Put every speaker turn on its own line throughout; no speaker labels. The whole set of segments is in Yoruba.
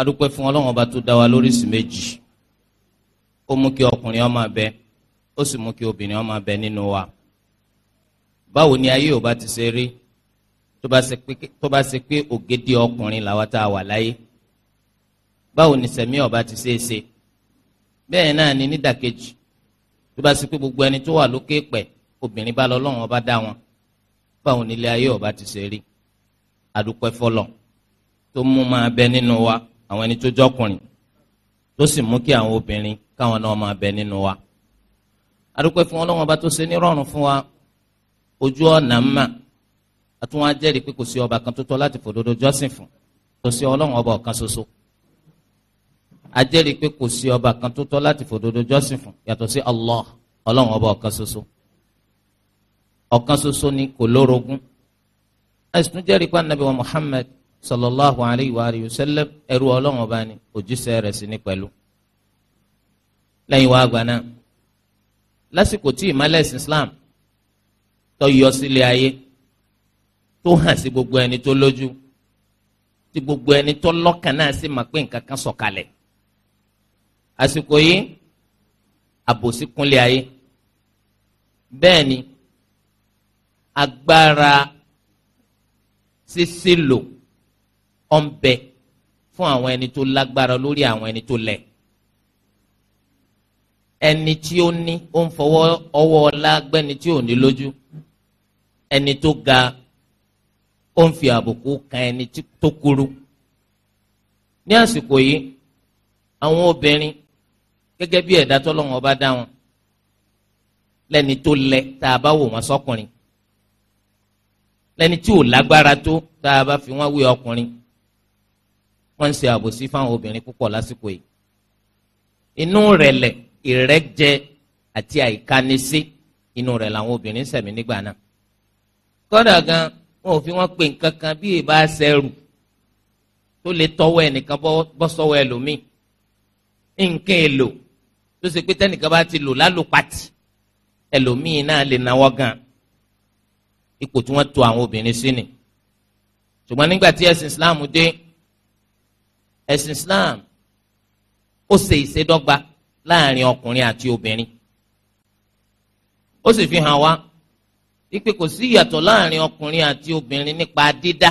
adúpẹ́ fún ọlọ́run ọba tó dá wa lóríṣi méjì ó mú kí ọkùnrin ó máa bẹ ó sì mú kí obìnrin ó máa bẹ nínú wa báwo ni ayé ò bá ti ṣe rí tó bá ṣe pé ògidì ọkùnrin làwa tá a wà láyé báwo ni sẹ̀mí ò bá ti ṣe é ṣe bẹ́ẹ̀ náà ni nídàkejì tó bá ṣe pé gbogbo ẹni tó wà lókè pẹ̀ obìnrin bá lọ ọlọ́run ọba dá wọn báwo ni ilé ayé ò ti ṣe rí adúpẹ́ fọlọ́ tó mú máa bẹ nínú wa. àwọn ẹni tó jọkùnrin tó sì mú kí àwọn obìnrin káwọn náà máa bẹ nínú wa adúpẹ́ fún ọlọ́wọ́n ọba tó ṣe ni rọrùn fún wa ojú ọ̀nà mà àtúnwá jẹ́rìí pé kò sí ọba kan tó tọ́ láti fòdodo jọ́sìn fún kò sí ọlọ́wọ́n ọba ọ̀kan ṣoṣo pé kò sí ọba kan tó tọ́ láti fòdodo ni kò sallallahu alayhi wa alihi wa sallam ẹrú ọlọ́run ọba ni òjíṣẹ́ rẹ̀ sì ní pẹ̀lú. lẹ́yìn wá àgbà náà lásìkò tí ìmọ̀lẹ̀ islam tó yọ sílé ayé tó hàn sí gbogbo ẹni tó lójú tí gbogbo ẹni tó lọ́kàn náà sì máa pé nǹkan kan sọ̀kalẹ̀ àsìkò yìí àbòsí kúnlé ayé bẹ́ẹ̀ ni agbára sísílò. Si ọ̀nbẹ fún àwọn ẹni tó lágbára lórí àwọn ẹni tó lẹ̀ ẹni tí ó ní ó ń fọwọ́ ọwọ́ ọlá gbẹ́ni tí ò ní lójú ẹni tó ga ó ń fi àbùkù kan ẹni tó kúrú ní àsìkò yìí àwọn obìnrin gẹ́gẹ́ bí ẹ̀dá tọ́lọ́wọ́n bá dá wọn lẹ́ni tó lẹ̀ tá a bá wò wọ́n sọ́kùnrin lẹ́ni tí ò lágbára tó tá a bá fi wọ́n wé ọkùnrin wọ́n ń ṣe àbòsí fáwọn obìnrin púpọ̀ lásìkò yìí inú rẹ̀lẹ̀ ìrẹ́jẹ àti àìkánisí inú rẹ̀ làwọn obìnrin sẹ̀mí nígbà náà kódà gan wọn ò fi wọn pè nǹkan kan bí ìbá ṣẹrù tó lè tọwọ́ ẹnìkan bọ́ sọ́wọ́ ẹlòmíì nǹkan èlò tó ṣe pé tẹnìkan bá ti lò lálùpàtì ẹlòmíì náà lè náwọ́ gan ipò tí wọ́n tò àwọn obìnrin sí ni ṣùgbọ́n nígbà tí ẹ̀sìn Islam dé ẹ̀sìn Islam ó ṣe ìṣedọ́gba láàrin ọkùnrin àti obìnrin ó sì fi hàn wá wípé kò sí ìyàtọ̀ láàrin ọkùnrin àti obìnrin nípa dídá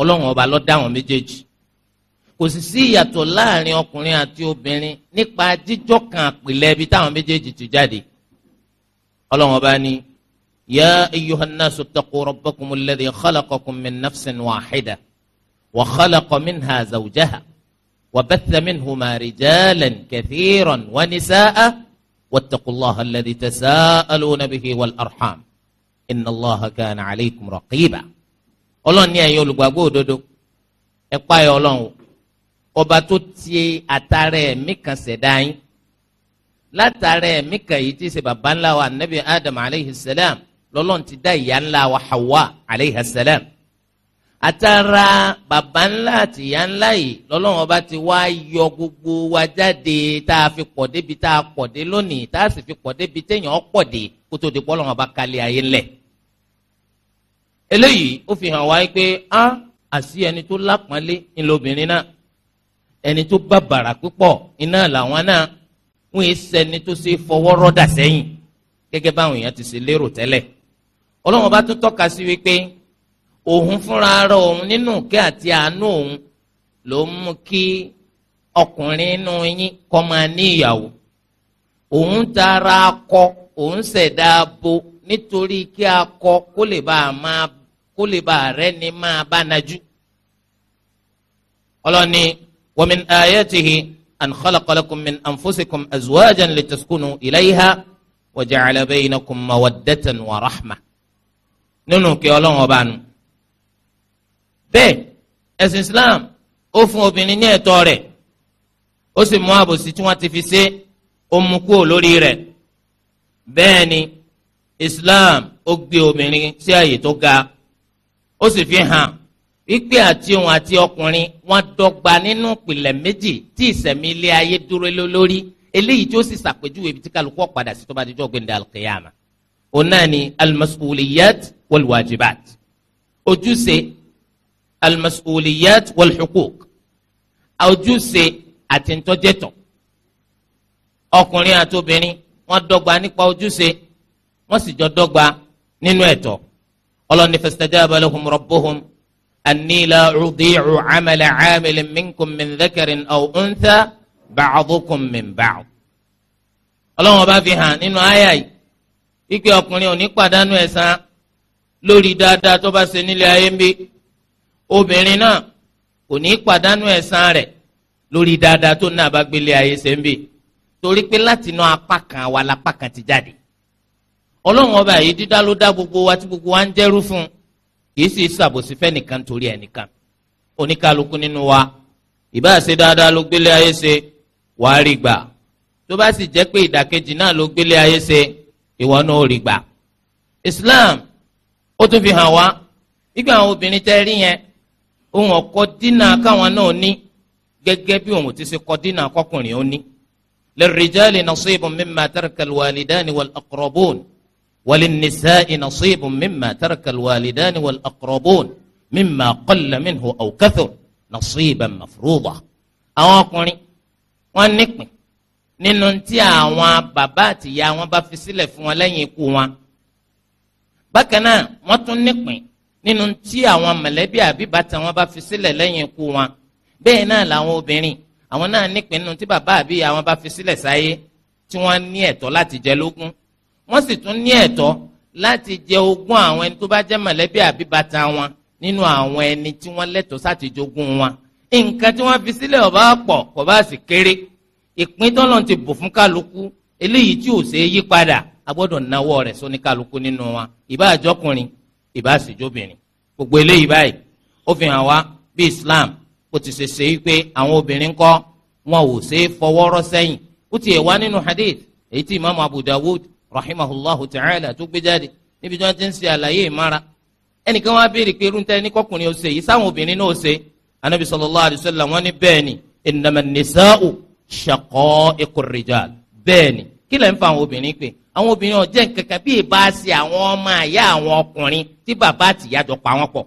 ọlọ́run ọba ló dá wọn méjèèjì kò sì sí ìyàtọ̀ láàrin ọkùnrin àti obìnrin nípa jíjọ́ kan àpìlẹ̀ ibi táwọn méjèèjì ti jáde ọlọ́run ọba ní ya ayyuhannasu ttaqu rabbakumul ladhi khalaqakum nafsin wahida. وخلق منها زوجها وبث منهما رجالا كثيرا ونساء واتقوا الله الذي تساءلون به والأرحام إن الله كان عليكم رقيبا ọlọ́run ní ẹ̀yin olùgbàgbọ́ òdodo ẹ páyọ ọlọ́run ọba tó ti àtàrà ẹ̀mí kan ṣẹ̀dá yín látàrà ẹ̀mí kan yìí ti ṣe bàbá ńlá wa nabi adam aleyhi salam lọ́lọ́run ti dá ìyá ńlá wa hawa aleyhi salam Atara bàbá ńlá àti ìyá ńlá yìí lọ́lọ́run ọba ti wá yọ gbogbo wa jáde tá a fi pọ̀ débi tá a pọ̀ dé lónìí tá a sì fi pọ̀ débi téèyàn pọ̀ dé kó tó di pọ́ lọ́run ọba kalẹ̀ ayé ńlẹ̀. eléyìí ó fi hàn wá pé a àsí ẹni tó lápọ́nlé ńlọbìnrin náà ẹni tó bá bàrà púpọ̀ iná làwọn náà wọ́n sẹni tó ṣe fọwọ́ rọ́dà sẹ́yìn gẹ́gẹ́ báwọn èèyàn ti ṣe lérò tẹ́lẹ̀ ọlọ́run ọba tó tọ́ka sí wípé òun fúnra ara òun nínú ìkẹ́ àti àánú òun ló ń mú kí ọkùnrin inú yín kọ́ máa ní ìyàwó òun tara akọ òun ṣẹ̀dá abo nítorí kí akọ kó lè bá a máa kó lè bá a rẹ́ ni máa bá najú ọlọ́ni wa min ayatihi an khalaqa lakum min anfusikum azwajan litaskunu ilayha wa ja'ala baynakum mawaddatan wa rahma nínú kí ọlọ́run ọba nu bẹ́ẹ̀ ẹ̀sìn Islam ó fún obìnrin ní ẹ̀tọ́ rẹ̀ ó sì mú àbòsí tí wọ́n ti fi ṣe ó mú kúrò lórí rẹ̀ bẹ́ẹ̀ ni Islam ó gbé obìnrin sí àyè tó ga ó sì fi hàn wípé àti òun àti ọkùnrin wọ́n dọ́gba nínú ìpìlẹ̀ méjì tí ìsẹ̀mí ilé ayé dúró lé lórí eléyìí tí ó sì ṣàpèjúwe ibi tí kálukú ọ̀padà sí tó bá dijọ́ gbẹ̀ndẹ̀ alqiyama òun náà ni almasuliyat walwajibat ojúṣe almasuliyat walhukuk ojúṣe àti ntọ́jẹ́tọ̀ ọkùnrin àti obìnrin wọ́n dọ́gba nípa ojúṣe wọ́n sì jọ dọ́gba nínú ẹ̀tọ́ ọlọ́ni fastajaba lahum rabbuhum anni la udi'u amala amilin minkum min dhakarin aw untha ba'dukum min ba'd ọlọ́wọ́n bá fi hàn nínú àyà yìí wípé ọkùnrin ò ní pàdánù ẹ̀san lórí dáadáa tó bá ṣe nílé ayé ń obìnrin náà kò ní í pàdánù ẹ̀san rẹ̀ lórí dáadáa tó náà bá gbélé ayé ṣe ń bì torí pé láti inú apá kan wa lápá kan ti jáde ọlọ́run ọba yìí dídá ló dá gbogbo wa tí gbogbo wa ń jẹ́rú fún kìí sì ṣàbòsí fẹ́nìkan torí ẹnìkan oníkálukú nínú wa ìbá dáadáa ló gbélé ayé ṣe wàá rí gbà tó bá sì jẹ́ pé ìdàkejì náà ló gbélé ayé ṣe ìwọ náà ò rí gbà Islam ó tún fi hàn wá nígbà àwọn obìnrin tẹ́ rí yẹn òun ọkọ dínà káwọn náà ní gẹ́gẹ́ bí òun ti ṣe kọ dínà kọkùnrin ó ní. للرجال نصيب مما ترك الوالدان والأقربون وللنساء نصيب مما ترك الوالدان والأقربون مما قل منه أو كثر نصيبا مفروضا àwọn ọkùnrin wọn nípìn nínú tí àwọn bàbá àtìyá wọn bá fi sílẹ̀ fún wọn lẹ́yìn ikú wọn bákan náà wọ́n tún nípìn nínú tí àwọn mọ̀lẹ́bí àbí bàtà wọn bá fi sílẹ̀ lẹ́yìn ikú wọn bẹ́ẹ̀ náà làwọn obìnrin àwọn náà nípìn nínú tí bàbá àbí àwọn bá fi sílẹ̀ sáyé tí wọ́n ní ẹ̀tọ́ láti jẹ lógún wọ́n sì tún ní ẹ̀tọ́ láti jẹ ogún àwọn ẹni tó bá jẹ́ mọ̀lẹ́bí àbí bàtà wọn nínú àwọn ẹni tí wọ́n lẹ́tọ̀ọ́ sáti jogún wọn nǹkan tí wọ́n fi sílẹ̀ ó bá pọ̀ kò bá sì kéré ìpín ìbáṣejóbìnrin gbogbo eléyìí báyìí ó fi hàn wá bí Islam kò ti ṣe ṣe wípé àwọn obìnrin kọ́ wọn ò ṣe é fọwọ́rọ́ sẹ́yìn ó ti ẹ̀ wá nínú hadith èyí tí imaamu Abu Dawud rahimahullahu ta'ala tó gbé jáde níbi tí wọ́n ti ń ṣe àlàyé ìmára ẹnìkan wá béèrè pé irú tẹ́ni kọkùnrin ó ṣe yìí sáwọn obìnrin náà ó ṣe anabi sallallahu alayhi wa sallam wọ́n ní ni innama nisa'u shaqa'iqur rijal bẹ́ẹ̀ ni kí lẹ́ ń fa àwọn obìnrin pè àwọn obìnrin ọ̀jẹ̀ nkankan bí a ṣe àwọn ọmọ àyà àwọn ọkùnrin tí bàbá àtìyá jọ pa wọn pọ̀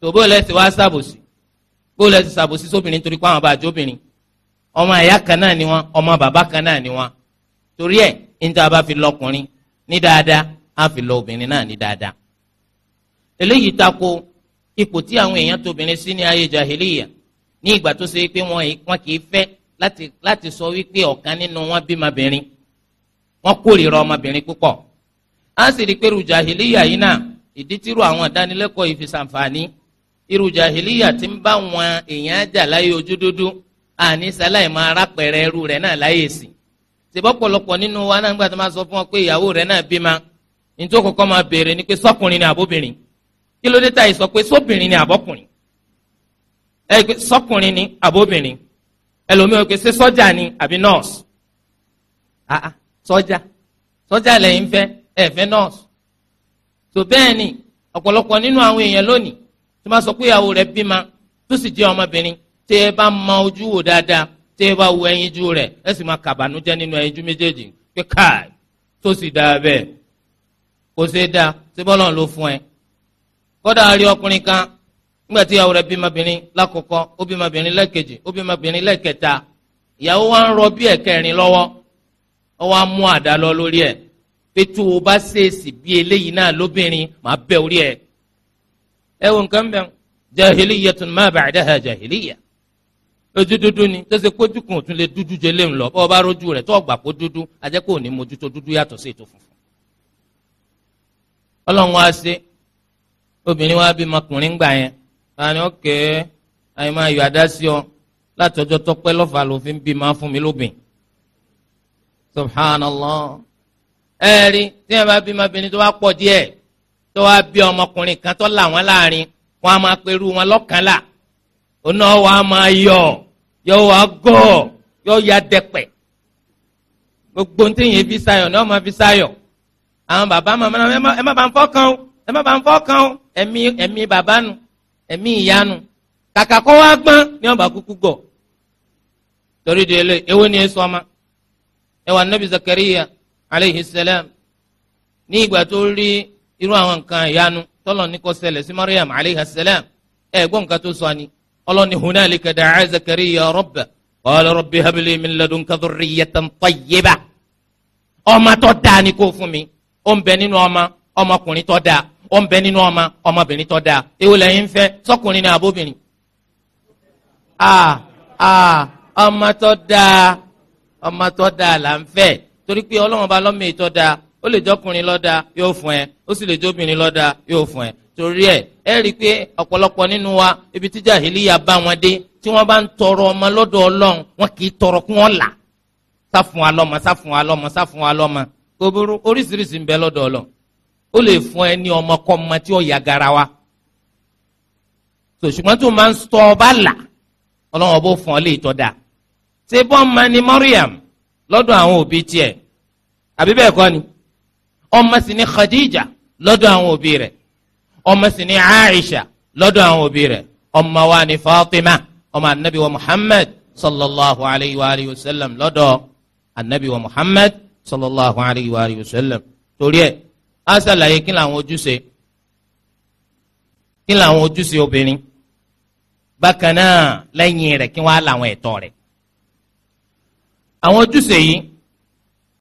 tòbó lẹ́sìn wá ṣàbòsí bó lẹ́sìn ṣàbòsí sóbìnrin nítorí pé àwọn bá obìnrin ọmọ àyà kan náà ni wọn ọmọ bàbá kan náà ni wọn torí ẹ̀ níta bá fi lọkùnrin ní dáadáa á fi lọ obìnrin náà ní dáadáa eléyìí tako ipò tí àwọn èèyàn tóbìnrin sí ní ayé jahiliya ní ìgbà tó ṣe pé wọn kì í fẹ́ láti sọ wípé ọ̀kan nínú wọn bímọbìnrin wọ́n kórìíra ọmọbìnrin púpọ̀ a sì rí i pé irú jahiliya yìí náà ìdí tí àwọn ìdánilẹ́kọ̀ọ́ yìí fi ṣàǹfààní irú jahiliya ń bá wọn èèyàn jà láyé ojú dúdú àní sáláì máa rápẹ̀rẹ̀ irú rẹ̀ náà láyé sí sọ fún wọn pé ìyàwó náà bímọ nítorí kọkọ máa béèrè ni pé ni àbóbìnrin kí ló dé ta ìsọ pé sóbìnrin ni ẹ pé ni àbóbìnrin ẹlòmíràn pé ṣé sọ́jà sọ́jà lẹ́yìn fẹ́ ẹ fẹ́ nọ́ọ̀sì tó bẹ́ẹ̀ ni ọ̀pọ̀lọpọ̀ nínú àwọn èèyàn lónìí tó máa sọ pé ìyàwó rẹ̀ bímọ tó sì jẹ́ ọmọbìnrin tẹ́ ẹ bá ma ojú wò dáadáa tẹ́ ẹ bá wo ẹyinjú rẹ̀ ẹ sì máa kàbànújẹ́ nínú ẹyinjú méjèèjì pé káì tó sì dáa bẹ́ẹ̀ kò ṣeé dáa tí bọ́lọ̀ ló fún ẹ kọ́dà rí ọkùnrin kan nígbà tí ìyàwó rẹ̀ bímọbìnrin lákọ̀ọ́kọ́ ó bímọbìnrin lẹ́ẹ̀kejì ó bímọbìnrin lẹ́ẹ̀kẹta ìyàwó wa ń rọ bí ẹ̀kẹrin lọ́wọ́ ó wá àdá lọ lórí ẹ̀ pé tó o bá ṣèèṣì bí eléyìí náà lóbìnrin màá bẹ orí ẹ̀. ẹ wo nǹkan bẹ́ẹ̀ jahiliyatun ma ba'daha jahiliya ojú dúdú ni tó ṣe kó òtún lè dúdú jẹ lọ bọ́ọ̀ bá rójú rẹ̀ tó ọgbà kó dúdú ajẹ́ kó ní dúdú yàtọ̀ sí ètò funfun. ọlọ́run wá sí obìnrin bí gbà yẹn yọ àdá sí ọ bí máa fún subhanallah ẹ̀rí tí wọ́n bá bí ọmọbìnrin tó bá pọ̀ díẹ̀ tó wá bí ọmọkùnrin kan tó là wọ́n láàrin wọn a máa pẹ̀lú wọn lọ́kànlá oná wa máa yọ yọ wá gọ̀ yọ ya dẹ̀pẹ̀ gbogbo ní tẹ̀yìn fi sayọ̀ ní ọmọ fi sayọ̀ àwọn bàbá màmá náà ẹ má bá ń fọ́kàn o ẹ má bá ń fọ́kàn o ẹ̀mí ẹ̀mí bàbá nu ẹ̀mí ìyá nu kàkà kọ́ wá gbọ́n ní ọba kúkú gọ̀ torí de ilé ewu ni èso ọmọ ẹ wà nabi zakariya aleyhi salam ní ìgbà tó rí irú àwọn nǹkan ìyanu tọ́lọ̀ ní kó ṣẹlẹ̀ sí mariam aleyhi salam ẹ gbọ́ nǹkan tó sọ ni ọlọ́ni hunalika da'a zakariya rabba qala rabbi habli min ladunka dhurriyatan tayyiba ọmọ tó dáa ni kó fún mi ó ń bẹ nínú ọmọ ọmọkùnrin tó dáa ó ń bẹ nínú ọmọ ọmọbìnrin tó dáa èwo lẹ́yìn ń fẹ́ sọkùnrin ni àbóbìnrin. ọmọ tó dáa ọmọ tó dáa là ń fẹ́ torí pé ọlọ́run bá lọ́mọ ètò dáa ó lè jọkùnrin lọ́dà yóò fún ẹ ó sì lè jóbìnrin lọ́dà yóò fún ẹ torí ẹ ẹ rí i pé ọ̀pọ̀lọpọ̀ nínú wa ibi tí jàhìlíyà bá wọn dé tí wọ́n bá ń tọrọ ọmọ lọ́dọ̀ ọlọ́run wọn kì í tọrọ kún wọn là sáfún wa sáfún wa sáfún wa lọ́mọ oríṣiríṣi ń bẹ lọ́dọ̀ ọlọ́run ó lè fún ẹ ní ọmọkọ́mọ tí ó yà gara wa tòṣùgbọ́n tó máa ń tọ́ ọ bá là ọlọ́run ọbọ̀ fún ọ lè tọ́ dáa ṣé bọ́ọ̀mà ni Maryam lọ́dọ̀ àwọn òbí tiẹ̀ àbí bẹ́ẹ̀ kọ́ ni ọmọ sì ni Khadija lọ́dọ̀ àwọn òbí rẹ̀ ọmọ sì ni Aisha lọ́dọ̀ àwọn òbí rẹ̀ ọmọ wa ni Fatima ọmọ anabi wa Muhammad sallallahu alayhi wa alayhi wa sallam lọ́dọ̀ anabi wa Muhammad sallallahu alayhi wa alayhi wa sallam torí ẹ̀ á kí làwọn ojúṣe kí làwọn ojúṣe obìnrin bákan náà lẹ́yìn rẹ̀ kí wọ́n á làwọn ẹ̀tọ́ rẹ̀ àwọn ojúṣe yìí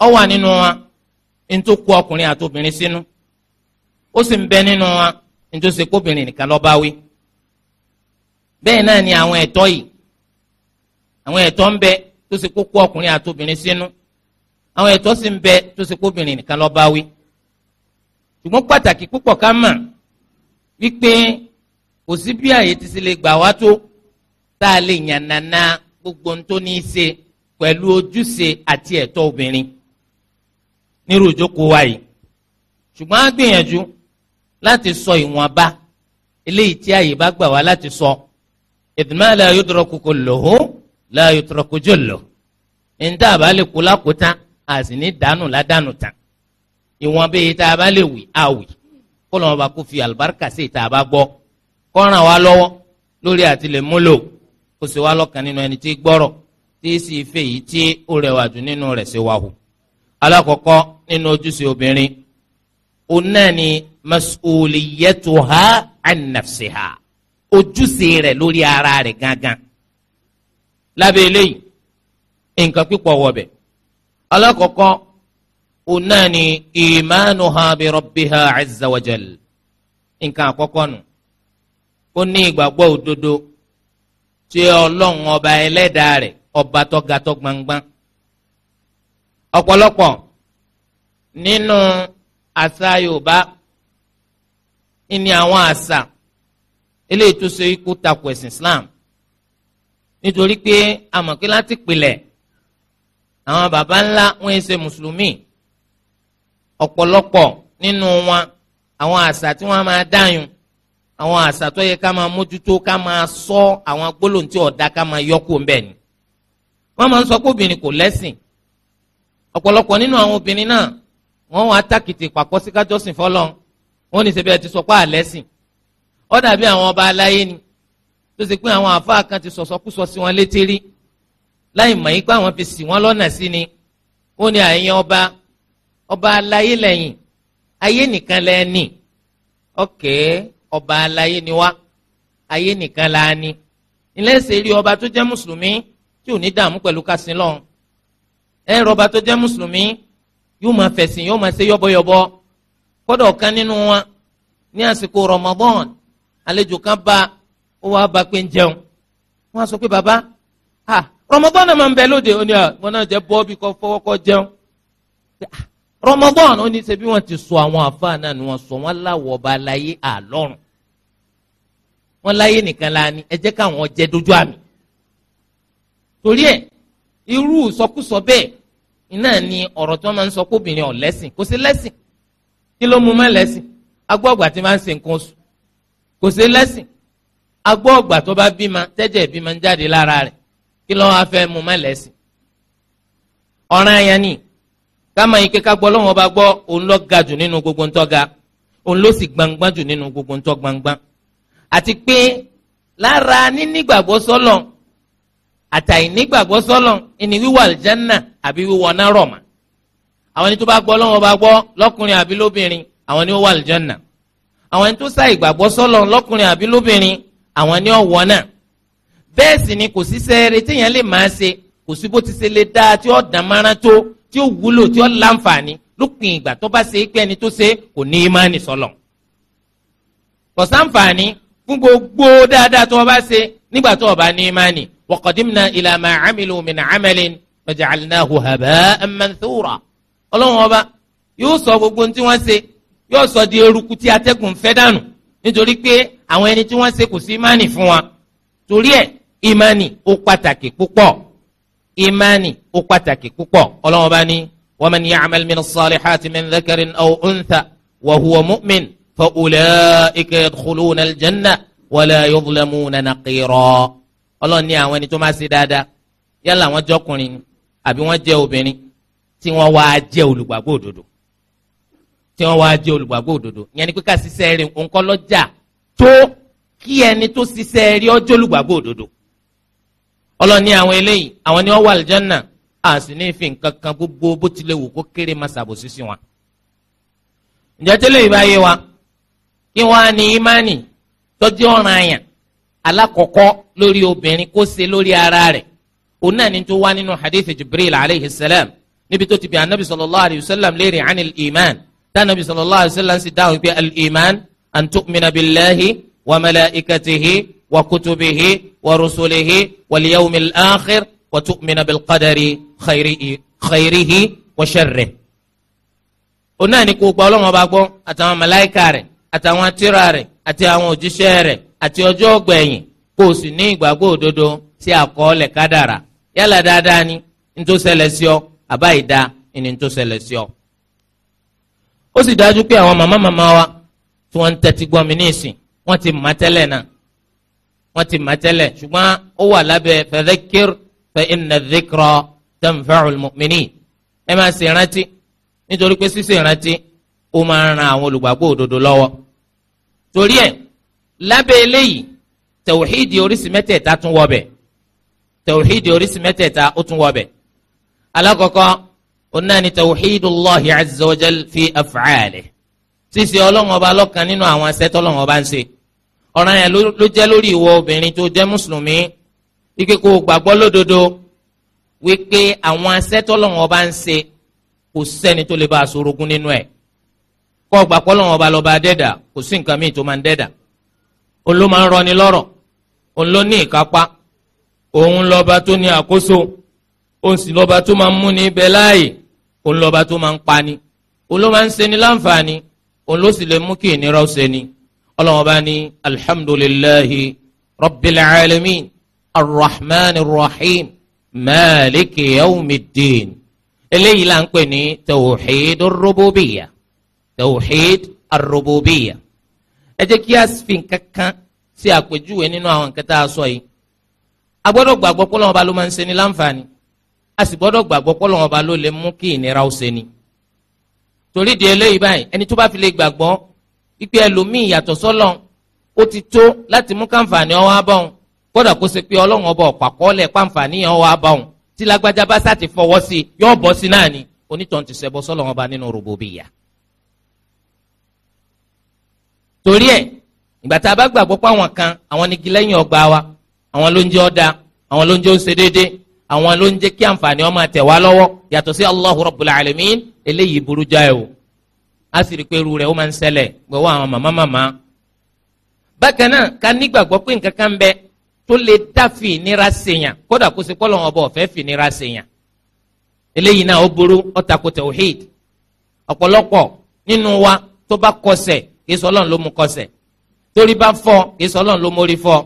ó wà nínú wọn ní tó kó ọkùnrin àti obìnrin sínú ó sì ń bẹ nínú wọn ní tó ṣe kóbìnrin nìkan ló bá wí bẹ́ẹ̀ náà ni àwọn ẹ̀tọ́ yìí àwọn ẹ̀tọ́ ń bẹ tó ṣe kó kó ọkùnrin àti obìnrin sínú àwọn gbogbo ohun tó pẹ̀lú ojúṣe àti ẹ̀tọ́ obìnrin nírú ìjókòó wa yìí ṣùgbọ́n a gbìyànjú láti sọ ìwọ̀nba eléyìí tí àyè bá gbà wá láti sọ ìdùnnà la yudraku kulluhu la yutraku julluhu níta àbá lè kó lákòótá àti ní dànù ládànù tán ìwọ̀nba yìí tá a bá lè wí àwì kó lọ́wọ́ bá kó fi àlùbáríkà sí ìta àbá gbọ́ kó ràn wá lọ́wọ́ lórí àti kó sì wá lọ́kàn nínú ẹni tí gbọ́rọ̀ tí sì fẹ́ yìí tí ó rẹwà jù nínú rẹ̀ ṣe wà hù. alákọ̀ọ́kọ́ nínú ojúṣe obìnrin òun náà ni mas'uliyatuha an nafsiha ojúṣe rẹ̀ lórí ara rẹ̀ gangan. lábẹ́ eléyìí nǹkan pípọ̀ wọ̀bẹ̀ alákọ̀ọ́kọ́ òun ni imanuha bi rabbiha azza wa jal nǹkan àkọ́kọ́ nù ó ní ìgbàgbọ́ òdodo tí ọlọ́run ọba ẹlẹ́dàá rẹ̀ ọba tó ga tó gbangban ọ̀pọ̀lọpọ̀ nínú àṣà yorùbá ní àwọn àṣà eléyìí tó ṣe ikú takò ẹ̀sìn islam nítorí pé amọ̀kí láti pilẹ̀ àwọn baba ńlá wọn ṣe mùsùlùmí ọ̀pọ̀lọpọ̀ nínú wọn àwọn àṣà tí wọ́n máa dáyùn àwọn àṣà tó yẹ ká máa mójútó ká máa sọ àwọn gbólóhùn tí ọ̀dà ká máa yọkù ńbẹ̀ ni wọ́n máa ń sọ pé obìnrin kò lẹ́sìn ọ̀pọ̀lọpọ̀ nínú àwọn obìnrin náà wọ́n wá tákìtì pàpọ̀ sí kájọ́sìn fọlọ́n wọ́n ní sẹ́bẹ̀ẹ́ ti sọ pé àlẹ́sìn ó dàbí àwọn ọba aláyé ni tó ṣe pé àwọn àáfàá kan ti sọ̀sọ́kúsọ sí wọn létí rí láì mọ̀ yín pé àwọn fi ṣì wọ́n lọ́nà sí ni ó ní àyẹn ọba ọba aláyé lẹ́yìn ayé nìkan lẹ́ni ọ̀kẹ́ ọba aláyé ni wá ayé nìkan la ni ilé ìṣèlú ọba tó jẹ́ mùsùlùmí tí ò ní dààmú pẹ̀lú kásìn lọ́n ẹ rọba tó jẹ́ mùsùlùmí yóò máa fẹ̀sìn yóò máa ṣe yọ́bọ̀yọ́bọ̀ kọ́dọ̀ kan nínú wọn ní àsìkò Ramadan àlejò kan bá ó wàá bá pé ń jẹun wọn á sọ pé bàbá à Ramadan náà máa ń bẹ lóde ó ní à wọn náà jẹ bọ́ọ̀bì kọ́ fọwọ́ kọ́ jẹun Ramadan ó ní ṣe bí wọ́n ti sọ àwọn àfáà náà ni wọ́n sọ wọ́n láwọ̀ ọba láyé àlọ́run wọ́n láyé nìkan la ni ẹ jẹ́ káwọn jẹ dojú àmì torí ẹ̀ irú sọkúsọ bẹ́ẹ̀ iná ni ọ̀rọ̀ tí wọ́n máa ń sọ kóbìnrin ọ̀ lẹ́sìn kò sí lẹ́sìn kí ló mú má lẹ́sìn agbọ́ọ̀gbà tí máa ń ṣe nǹkan oṣù kò sí lẹ́sìn agbọ́ọ̀gbà tó bá bímọ tẹ́jẹ̀ bímọ ń jáde lára rẹ̀ kí ló wá fẹ́ mú má lẹ́sìn ọ̀ràn àyàn ni káma yìí kéka gbọ́ lọ́wọ́ bá gbọ́ òun ló ga jù nínú gbogbo ntọ́ ga òun ló sì gbangban jù nínú gbogbo ntọ́ gbangban àti pé lára nínígbàgbọ́ sọ́lọ́n àtàìnígbàgbọ́ sọ́lọ̀ ẹni wíwà àlìjánà àbí wíwọ náà rọ̀ mà àwọn ẹni tó bá gbọ́ lọ́wọ́ bá gbọ́ lọ́kùnrin àbí lóbìnrin àwọn ni ó wà àlìjánà àwọn ẹni tó sá ìgbàgbọ́ sọ́lọ̀ lọ́kùnrin àbí lóbìnrin àwọn ni ó wọ̀ náà bẹ́ẹ̀ sì ni kò sí sẹ́ẹ̀rẹ́ téèyàn lè máa ṣe kò sí bó ti ṣe lè dáa tí ó dàn mọ́ra tó tí ó wúlò tí ó láǹfààní lópin fún gbogbo dáadáa tó o bá ṣe nígbà tó o bá ní ìmánì وقدمنا إلى ما عملوا من عمل فجعلناه هباء منثورا ọlọ́run ọba yóò sọ gbogbo tí wọ́n ṣe yóò sọ di eruku tí atẹ́gùn fẹ́ dànù nítorí pé àwọn ẹni tí wọ́n ṣe kò sí ìmánì fún wa torí ẹ̀ ìmánì ó pàtàkì púpọ̀ ìmánì ó pàtàkì púpọ̀ ọlọ́run ọba ní waman ya'mal min as-salihati min dhakarin aw untha wa huwa mu'min fa ulaika yadkhuluna al-janna wa la yudhlamuna naqira. ọlọ́run ní àwọn ẹni tó máa ṣe dáadáa yálà wọ́n jẹ́ ọkùnrin ni àbí wọ́n jẹ́ obìnrin tí wọ́n wá jẹ́ olùgbàgbọ́ òdodo tí wọ́n wá jẹ́ olùgbàgbọ́ òdodo ìyẹn ni pé ká ṣiṣẹ́ rí nǹkan lọ́jà tó kí ẹni tó ṣiṣẹ́ rí ọjọ́ olùgbàgbọ́ òdodo ọlọ́run ní àwọn eléyìí àwọn ni wọ́n wà àlùjánnà a sì ní ìfi nǹkan kan gbogbo bó tilẹ̀ wù kó kéré máa ṣàbòsí sí wọn. ǹjẹ́ tẹ́lẹ̀ ìbáyé wa kí wọ́n á ní ìmánì tọ́jú ọ̀ràn àyàn alákọ̀ọ́kọ́ lórí obìnrin kó ṣe lórí ara rẹ̀ òun náà ni tó wá nínú hadith jibril alayhi salam níbi tó ti bi anabi sallallahu alayhi wa sallam léèrè anil iman tanabi sallallahu alayhi wa sallam sì dáhùn pé al iman an tu'mina billahi wa malaikatihi wa kutubihi wa rusulihi wal yawmil akhir wa tu'mina bil qadari khayrihi wa sharrihi. òun náà ni kó gba ọlọ́run gbọ́ àtàwọn malaika rẹ̀ àtàwọn tírà rẹ̀ àti àwọn òjíṣẹ́ rẹ̀ àti ọjọ́ gbẹ̀yìn kó o sì ní ìgbàgbọ́ òdodo sí àkọọ́lẹ̀ kádàrà yálà dáadáa ni ní tó ṣẹlẹ̀ sí ọ àbá ìdá ní tó ṣẹlẹ̀ sí ọ. ó sì dájú pé àwọn màmá màmá wa tí wọ́n ń tẹ́tí gbọ́ mi ní ìsìn wọ́n ti mà tẹ́lẹ̀ náà wọ́n ti mà tẹ́lẹ̀ ṣùgbọ́n ó wà lábẹ́ fadhakkir fa inna dhikra tanfa'ul mu'minin ẹ máa ṣe ìrántí nítorí pé ṣíṣe ìrántí ó máa ń ran àwọn olùgbàgbọ́ òdodo lọ́wọ́ torí ẹ̀ lábẹ́ eléyìí tẹ̀wọ̀hídìí oríṣi mẹ́tẹ̀ẹ̀ta tún wọ bẹ̀ tẹ̀wọ̀hídìí oríṣi mẹ́tẹ̀ẹ̀ta ó tún wọ bẹ̀ alákọ̀ọ́kọ́ onáni tẹ̀wọ̀hídùllahi azza wa jal fi af'alihi ṣíṣe ọlọ́run ọba lọ́kan nínú àwọn asẹ́tọ́ ọlọ́run ọba ń ṣe ọ̀ràn yẹn ló jẹ́ lórí ìwọ obìnrin tó jẹ́ mùsùlùmí wípé kó o gbàgbọ́ lódodo wípé àwọn asẹ́tọ́ ọlọ́run ọba ń ṣe kò sẹ́ni tó lè bá aṣọ orogún nínú ẹ̀ kó o gbàgbọ́ ọlọ́run ọba lọ́ba dẹ́dà kò sí nǹkan míì tó máa ń dẹ́dà òun ló máa ń rọni lọ́rọ̀ òun ló ní ìkápá òun lọ́ba tó ní àkóso òun sì lọ́ba tó máa ń múni bẹ láàyè òun lọ́ba tó máa ń pani òun ló máa ń ṣeni láǹfààní òun ló sì lè mú kí ìnira ó ṣeni ọlọ́wọ́n bá ní alhamdulillahi rabbil alamin arrahman maliki yawmiddin eléyìí là ń pè ní tawhid arrububiya tawhid arrububiya ẹ jẹ́ kí a fi nǹkan kan sí àpèjúwe nínú àwọn nǹkan tá a sọ yìí a gbọ́dọ̀ gbàgbọ́ pé Ọlọ́run ló máa ń ṣe ni láǹfààní a sì gbọ́dọ̀ gbàgbọ́ pé Ọlọ́run ọba ló lè mú kí ìnira ó ṣe ni torí di eléyìí báyìí ẹni tó bá fi lè gbàgbọ́ ipe ẹlòmíì yàtọ̀ sọ́lọ́n ó ti tó láti mú káǹfààní ọwọ́ abọ́hùn gbọ́dọ̀ kó ṣe pé Ọlọ́run ọba ọ̀pá kọ́lẹ̀ páǹfààní ọwọ́ abọ́hùn tí lágbájá bá sá ti fọwọ́ sí yóò bọ́ sí náà ni onítàn torí ẹ̀ ìgbà tá a bá gbàgbọ́ pé àwọn kan àwọn ni gilẹ́yìn ọgbà wa àwọn ló ń jẹ́ ọ̀dà àwọn ló ń jẹ́ ọ̀sẹ̀ déédéé àwọn ló ń jẹ́ kí àǹfààní ọmọ tẹ̀ wá lọ́wọ́ yàtọ̀ sí Allahu Rabbul Alamin eléyìí burú jáì o a sì rí i pé irú rẹ̀ ó máa ń ṣẹlẹ̀ gbọ́wọ́ àwọn màmá màmá. bákan náà ká nígbàgbọ́ pé nǹkan kan bẹ tó lè dá fi sèyàn kódà kó sì kọ́lọ̀ wọn bọ̀ fẹ́ sèyàn eléyìí náà ó burú ó tako ọ̀pọ̀lọpọ̀ nínú wa tó bá kọsẹ̀ kì ọlọrun sọ ọlọ́run ló mú kọsẹ̀ torí bá fọ́ kì í ló mórí fọ́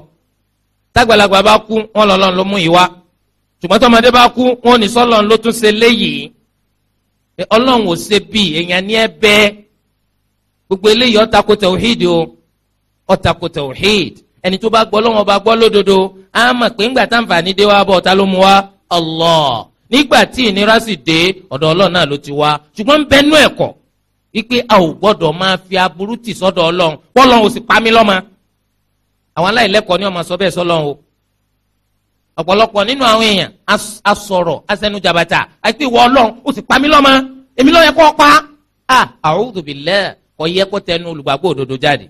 tágbàlagbà bá kú wọn ọlọrun ló mú ìwá ṣùgbọ́n tọmọdé bá kú wọn ní sọ́lọ́run ló tún ṣe léyìí ọlọ́run ò ṣe bíi èèyàn ní ẹ gbogbo eléyìí ó tako tawhid o ó tako tawhid ẹni tó bá gbọ́ lọ́wọ́ bá gbọ́ lódodo á mọ̀ pé ńgbà táǹfààní dé wá bọ̀ ta ló mú wá Allah nígbà tí ìnira sì dé ọ̀dọ̀ ọlọ́run náà ló ti wá ṣùgbọ́n ń bẹnu ẹ̀kọ́ wípé a ò gbọ́dọ̀ máa fi aburú tì sọ́dọ̀ ọlọ́run wọ́lọ́run ò sì pa mí lọ́mọ. àwọn aláìlẹ́kọ̀ọ́ ni ọmọ sọ bẹ́ẹ̀ sọ́lọ́run o. ọ̀pọ̀lọpọ̀ nínú àwọn èèyàn asọ̀rọ̀ asẹnujàbàtà àti ìwọ ọlọ́run ó sì pa mí lọ́mọ èmi ló yẹ kó pa á a'udhu billahi kò yẹ kó tẹnu olùgbàgbọ́ òdodo jáde.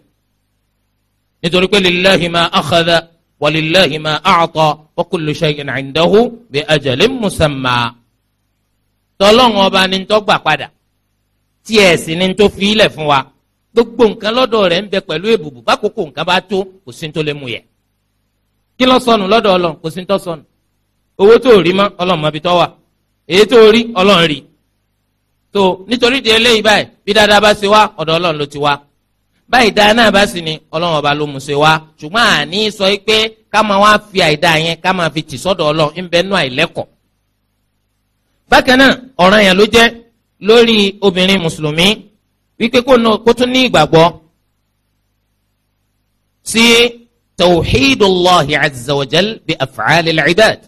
nítorí pé lillahi ma akhadha wa ẹ sì ni tó fi ilẹ̀ fún wa gbogbo nǹkan lọ́dọ̀ rẹ̀ ń bẹ pẹ̀lú bákòókò nǹkan bá tó kò sí tó lè yẹ kí lọ sọnù lọ́dọ̀ ọlọ́run kò sí tó sọnù owó tó rí mọ́ ọlọ́run mọ́bi èyí tó rí ọlọ́run rí tó nítorí di eléyìí báyìí bí dáadáa bá ṣe wá ọ̀dọ̀ ọlọ́run ló ti wá báyìí dáa náà bá sì ni ọlọ́run ọba ló ṣe wá ṣùgbọ́n àní sọ pé ká máa wá fi yẹn ká fi tì sọ́dọ̀ ọlọ́run ń lórí obìnrin mùsùlùmí wípé kó tún ní ìgbàgbọ́ sí tawhidu Allah wa jal bi af'alil ibad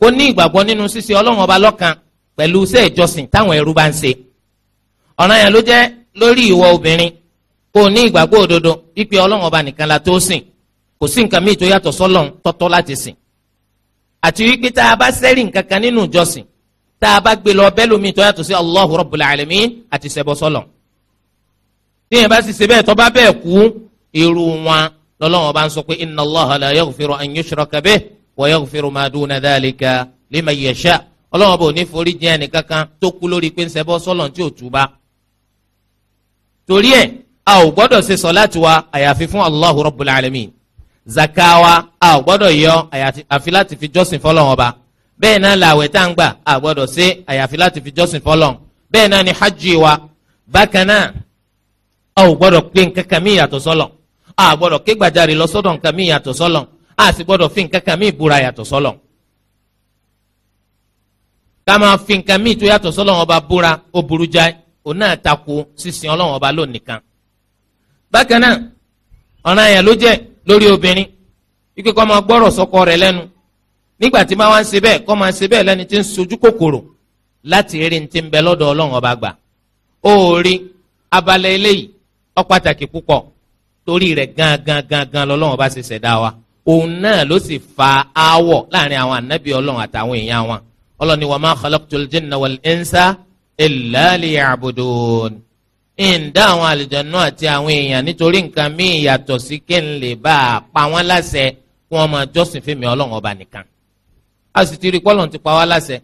kó ní ìgbàgbọ́ nínú ṣíṣe ọlọ́run ọba lọ́kan pẹ̀lú iṣẹ́ ìjọsìn táwọn ẹrú bá ń ṣe ọ̀ràn yẹn ló jẹ́ lórí ìwọ obìnrin kó ní ìgbàgbọ́ òdodo wípé ọlọ́run ọba nìkan la tó sìn kò sí nǹkan míì tó yàtọ̀ sọ́lọ́run tọ́tọ́ láti sìn àti wípé tá a bá sẹ́rì nǹkan nínú ìjọsìn tá a bá gbé lọ bẹ́ẹ̀ lómi tó yàtọ̀ sí Allahu Rabbul Alamin àti sẹ́bọ̀ sọ́lọ̀ tíyẹn bá sì ṣe bẹ́ẹ̀ tó bá bẹ́ẹ̀ kú irú wọn lọ́lọ́wọ́n bá ń sọ pé inna Allaha la yaghfiru an yushraka bihi wa yaghfiru ma duna dhalika liman yasha ọlọ́wọ́n bò ní forí jẹ́ ẹnìkankan tó kú lórí pé ń ṣẹbọ tí ò túba torí ẹ̀ a ò gbọ́dọ̀ ṣe sọ̀láàtì wa àyàfi fún Allahu Rabbul Alamin zakawa a ò gbọ́dọ̀ yọ àyàfi láti fi jọ́sìn fọ́lọ́wọ́n bẹ́ẹ̀ náà làwẹ̀ tá ń gbà a gbọ́dọ̀ ṣe àyàfi láti fi jọ́sìn fọlọ́n bẹ́ẹ̀ náà ni hajj wa bákan náà a ò gbọ́dọ̀ pé nǹkan kan mí yàtọ̀ sọ́lọ̀ a gbọ́dọ̀ ké gbàjarè lọ sọ́dọ̀ nǹkan mí yàtọ̀ sọ́lọ̀ a sì gbọ́dọ̀ fi nǹkan kan mí búra yàtọ̀ sọ́lọ̀ ká máa fi nǹkan mí tó yàtọ̀ sọ́lọ̀ ọba búra ó burú jáì òun náà tako sísìn ọlọ́run ọba lónìkan bákan náà ọ̀ràn àyàn ló jẹ́ lórí obìnrin ikú kọ́ máa gbọ́rọ̀ sọ́kọ rẹ̀ lẹ́nu nígbà tí máa wá ń ṣe bẹ́ẹ̀ kọ́ máa ṣe bẹ́ẹ̀ lẹ́ni tí ń sojú kòkòrò láti rí ti ń bẹ lọ́dọ̀ ọlọ́run ọba gbà ó rí abalẹ̀ eléyìí ó pàtàkì púpọ̀ torí rẹ̀ gangan gangan lọ́lọ́run ọba ṣe ṣẹ̀dá wa òun náà ló sì fa aáwọ̀ láàrin àwọn ànábì ọlọ́run àtàwọn èèyàn wọn ọlọ́ni wa ma khalaqtul jinna wal insa illa liya'budun ìǹda àwọn àlùjànnú àti àwọn èèyàn nítorí nǹkan míì yàtọ̀ sí kí n lè bá a pa wọ́n láṣẹ kí wọ́n máa jọ́sìn fún mi ọlọ́run ọba nìkan a sì ti rí pọ́lọ̀ ti pa wá láṣẹ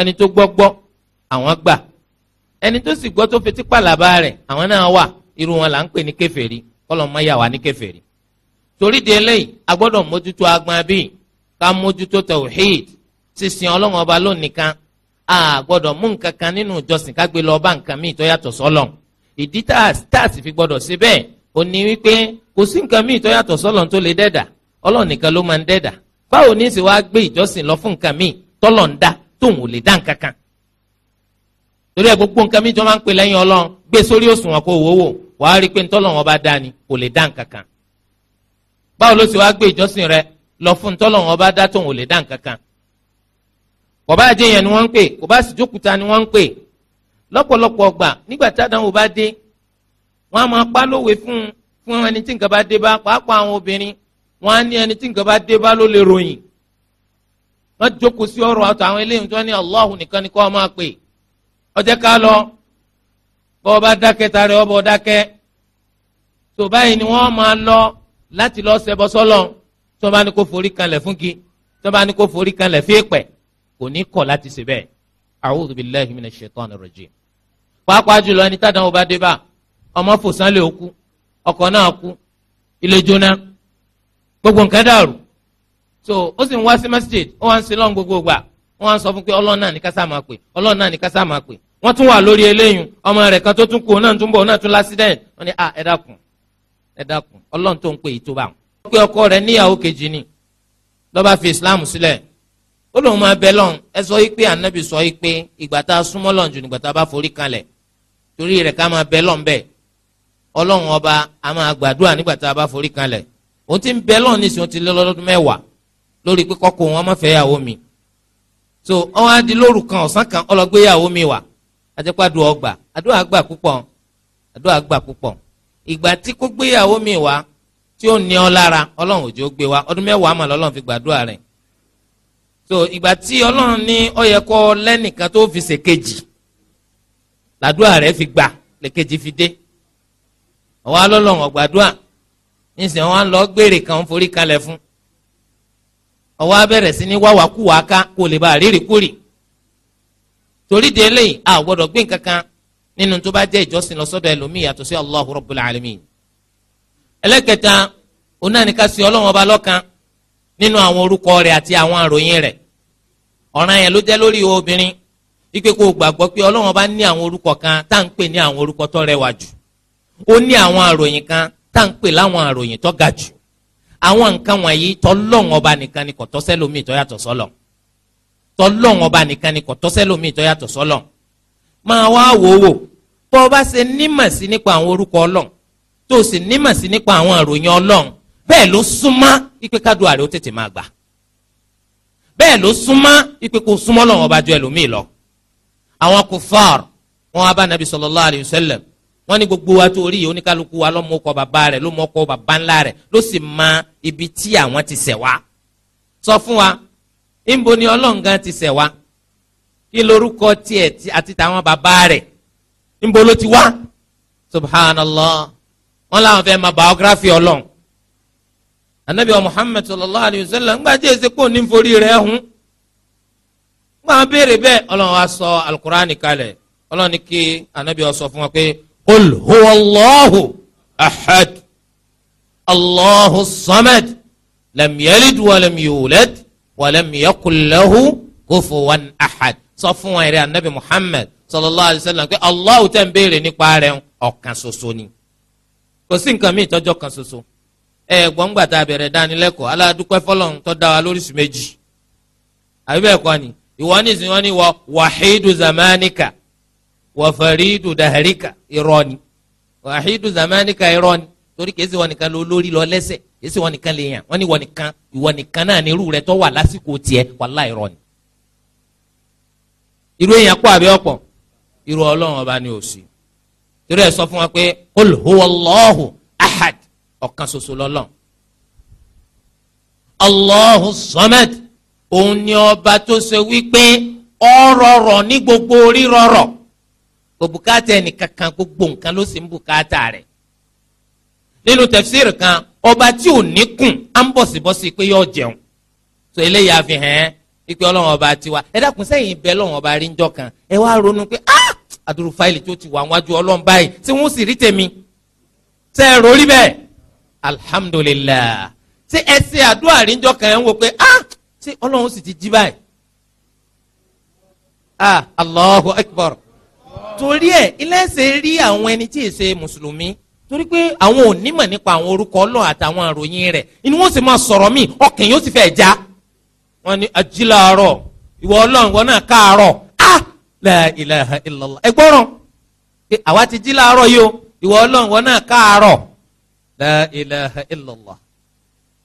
ẹni tó gbọ́ gbọ́ àwọn gbà ẹni tó sì gbọ́ tó fetí pàlàbà rẹ̀ àwọn náà wà irú wọn là ń pè ní kèfèrí kọ́lọ̀ mọ́ yà wá ní kèfèrí torí di eléyìí a gbọ́dọ̀ mójútó agbọn bíi ká mójútó tawhid sísìn ọlọ́run ọba lónìkan a gbọ́dọ̀ mú nǹkan kan nínú ìjọsìn ká gbé lọ bá nǹkan míì tó yàtọ̀ sọ́lọ̀ ìdí táàsì fi gbọ́dọ̀ sí bẹ́ẹ̀ ó ní wípé kò sí nǹkan míì tó yàtọ̀ sọ́lọ̀ tó lè dẹ́dà ọlọ́run nìkan ló máa ń dẹ́dà báwo ní sì wá gbé ìjọsìn lọ fún nǹkan míì tọ́lọ̀ ń dá tóun ò lè dá nǹkan kan torí ẹ gbogbo nǹkan míì tó máa ń pè lẹ́yìn ọlọ́run gbé sórí òṣùwọ̀n kó wò ó wò wàá rí i pé ntọ́lọ̀ wọn bá dá ni kò lè dá nǹkan kan báwo ló sì wá gbé ìjọsìn rẹ lọ fún ntọ́lọ̀ wọn bá dá tóun ò lè dá nǹkan kan kò bá jẹ́ yẹn ni wọ́n ń pè kò bá sì jókúta ni wọ́n ń pè lọ́pọ̀lọpọ̀ ọgbà nígbà tádàwọ̀ bá dé wọ́n á máa pa lówe fún fún ẹni tí nǹkan bá dé bá pàápàá àwọn obìnrin wọn á ní ẹni tí nǹkan bá dé ló lè ròyìn wọn jókòó sí ní nìkan ni kọ́ ọ máa pè lọ bọ́ bá dákẹ́ ọ bọ́ dákẹ́ tó báyìí ni wọ́n máa lọ láti lọ sọ́lọ̀ bá ní kó forí gi bá ní kó forí kanlẹ̀ fún ìpẹ́ kò ní kọ̀ láti ṣe bẹ́ẹ̀ a'udhu jùlọ ẹni dé bá ọmọ fòsánlẹ̀ òkú ọkọ̀ náà kú ilé jóná gbogbo nǹkan dàrú so ó sì ń wá sí masjid ó wá ń sin lọ́n gbogbo gbà ó wá ń sọ fún pé ọlọ́run náà ní kásá máa pè ọlọ́run náà ní kásá máa pè wọ́n tún wà lórí eléyìí ọmọ rẹ̀ kan tó tún kú náà tún bọ̀ náà tún lásìdẹ̀ǹt wọ́n ní ah ọkọ rẹ níyàwó kejì ni lọ́ba fi islam sílẹ̀ ó lóun máa bẹ lọ́n ẹ sọ sọ yìí pé ìgbà tá a ọba a máa òun ti ń bẹ lọ́ọ̀ ní sùn ti lé lọ́dún mẹ́wàá lórí pé kọ́kọ́ wọn má fẹ́ yàwó mi so ọ̀hún adi lóru kan ọ̀sán kan ọlọ́gbé yàwó mi wà àtẹ́pá àdúrà ọgbà àdúrà àgbà púpọ̀ àdúrà àgbà púpọ̀ ìgbà tí kò gbé yàwó mi wá tí ó ní ọ lára ọlọ́run òjò gbé wa ọdún mẹ́wàá mà lọ́lọ́run fi gbàdúrà rẹ̀ so ìgbà tí ọlọ́run ní ó yẹ kó lẹ́nìkan tó fi ṣèkejì làdúrà rẹ̀ fi gbà lẹ́kejì fi dé ọ̀wá lọ́lọ́run ọ̀gbàdúrà nísìnyí wọn lọ gbére kan ń forí kalẹ̀ fún ọwọ́ abẹ́rẹ́ sí ní wáwàkúwà ká kó lè bá rírì kúrì torí de eléyìí a gbọ́dọ̀ gbé nǹkankan nínú tó bá jẹ́ ìjọsìn lọ́sọ́dọ̀ ẹlòmíì yàtọ̀ sí Allahu Rabbul Alamin ẹlẹ́kẹta òun náà ní ká sí Ọlọ́run ọba lọ́kan nínú àwọn orúkọ rẹ̀ àti àwọn àròyìn rẹ̀ ọ̀ràn yẹn ló jẹ́ lórí obìnrin ipe kó gbàgbọ́ pé Ọlọ́run ọba ní àwọn orúkọ kan tá à ń pè ní àwọn orúkọ tó rẹwà ó ní àwọn àròyìn kan tá à ń pè láwọn àròyìn tó ga jù àwọn nǹkan wọ̀nyí tọ́lọ́hún ọba nìkan ni kò tọ́sẹ́ lómi tó yàtọ̀ sọ́lọ̀ tọ́lọ́hún ọba nìkan ni kò tọ́sẹ́ lómi tó yàtọ̀ sọ́lọ̀ máa wá wò ó wò tó o bá ṣe nímọ̀ sí nípa àwọn orúkọ ọlọ́run tó o sì nímọ̀ sí nípa àwọn àròyìn ọlọ́run bẹ́ẹ̀ ló súnmọ́ ipe kádùá rẹ̀ ó tètè máa gbà bẹ́ẹ̀ ló súnmọ́ ipe kò súnmọ́ lọ́wọ́ ọba ju ẹlòmíì lọ àwọn kò fáàr wọn wá bá nabi sallallahu alayhi wa wọ́n ní gbogbo wa tó rí yìí oníkálukú wa lọ́mọ ọkọ bàbá rẹ̀ lọ́mọ ọkọ bàbá ńlá rẹ̀ ló sì mọ ibi tí àwọn ti ṣẹ̀ wá sọ fún wa níbo ni ọlọ́ǹgán ti ṣẹ̀ wá kí lorúkọ tiẹ̀ àti tàwọn bàbá rẹ̀ níbo ló ti wá subhanallah wọn làwọn fẹ́ ma biography ọlọ́n anabi wa muhammed sallallahu alayhi wa sallam ńgbà tí èsì kò ní forí rẹ̀ hun ńgbà wọn béèrè bẹ́ẹ̀ ọlọ́run wa sọ alukur'an kalẹ̀ ọlọ́run ní kí anabi wa sọ fún wa pé. قل هو الله أحد الله الصمد لم يلد ولم يولد ولم يقل له كفوا أحد sọ fún wọn ẹrẹ anabi muhammed sallallahu alayhi wa sallam pé allahu tẹ̀ ń béèrè nípa rẹ̀ ọ̀kan ṣoṣo ni kò sí nǹkan míì tọ́jọ́ kan ṣoṣo ẹ gbọ́ngbà tá a bẹ̀rẹ̀ dánilẹ́kọ̀ọ́ aládùúpẹ́ fọlọ́run tó dá wa lóríṣìí méjì àbí bẹ́ẹ̀ kọ́ ni ìwọ ní ìsìn wọn ni wọ wàhídù zamanika wàfàrídù dàhẹ́ríkà ironi. ni wàhídù zamanika ironi. ni torí kìí ṣe wọn nìkan ló lórí lọ lẹ́sẹ̀ kìí ṣe wọn nìkan lè yàn wọ́n ní wọn nìkan ìwọ nìkan náà ní irú rẹ tó wà lásìkò tiẹ̀ wàlá irọ́ irú èèyàn pọ̀ àbí ọ̀pọ̀ irú ọlọ́run ọba ni ò sí torí ẹ̀ sọ fún wa pé qul ahad ọ̀kan ṣoṣo lọ́lọ́run allahu samad òun ni ọba tó ṣe wípé ọ̀rọ̀rọ̀ ní gbogbo orí rọ̀rọ̀ kò bùkátà ẹnìkankan gbogbo nǹkan ló sì ń bùkátà rẹ̀ nínú tẹfsir kan ọba tí ò ní kùn á ń bọ̀ síbọ̀sí pé yóò jẹun tó eléyà fi hàn ipe ọlọ́run ọba tiwa ẹ dákun sẹ́yìn bẹ́ẹ̀ lọ́run ọba rí ń kan ẹ wá ronú pé ah àdúró fáìlì tó ti wà wájú ọlọ́run báyìí tí wọ́n sì rí tèmi tẹ́ ẹ rórí bẹ́ẹ̀ alhamdulillah ṣé ẹ ṣe àdúrà rí ń jọ kan ẹ ń wò pé ah ṣé ọlọ́run sì ti jí báyìí ah allahu akbar torí ẹ ilé rí àwọn ẹni tí èsè mùsùlùmí torí pé àwọn ò nípa àwọn orúkọ ọlọ́ọ̀ àtàwọn àròyìn rẹ̀ inú wọn sì máa sọ̀rọ̀ míì ọkàn yóò sì fẹ́ já wọn ni ajílàárọ̀ ìwọ ọlọ́run ìwọ náà káàárọ̀ ah la ilaha illallah ẹ gbọ́ràn pé àwa ti jí yìí o ìwọ ọlọ́run ìwọ náà káàárọ̀ la ilaha illallah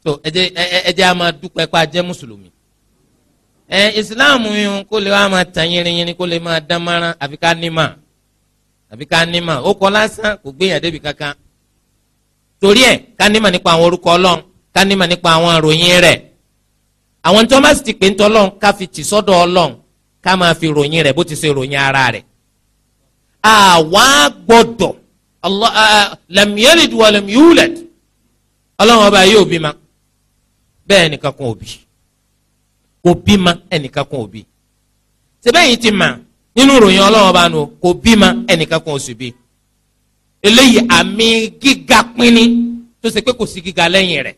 So, ẹjẹ ẹjẹ a máa dúpẹ́ pa jẹ́ mùsùlùmí ẹ ìsìláàmù yìí kó lè wá máa tàn yìnrìnyìnrìn kó lè máa àbí ká nímọ̀ ó kọ lásán kò gbéyàn débi kankan torí ẹ̀ ká ma nípa àwọn orúkọ ọlọ́run ká nímọ̀ nípa àwọn àròyìn rẹ̀ àwọn tí wọ́n bá sì ti pè ń tọ́ ọlọ́run ká fi tì sọ́dọ̀ ọlọ́run ká máa fi ròyìn rẹ̀ bó ti ṣe ròyìn ara rẹ̀ àwa gbọ́dọ̀ lam yalid wa ọba yóò bímọ bẹ́ẹ̀ ẹnìkan kan òbí òbí ma ẹnìkan kan òbí ṣe bẹ́ẹ̀ yìí ti mà nínú ìròyìn ọlọ́wọ́ bá nu kò bímọ ẹnìkan kan oṣù bí eléyìí àmì gíga pínní tó ṣe pé kò sí gíga lẹ́yìn rẹ̀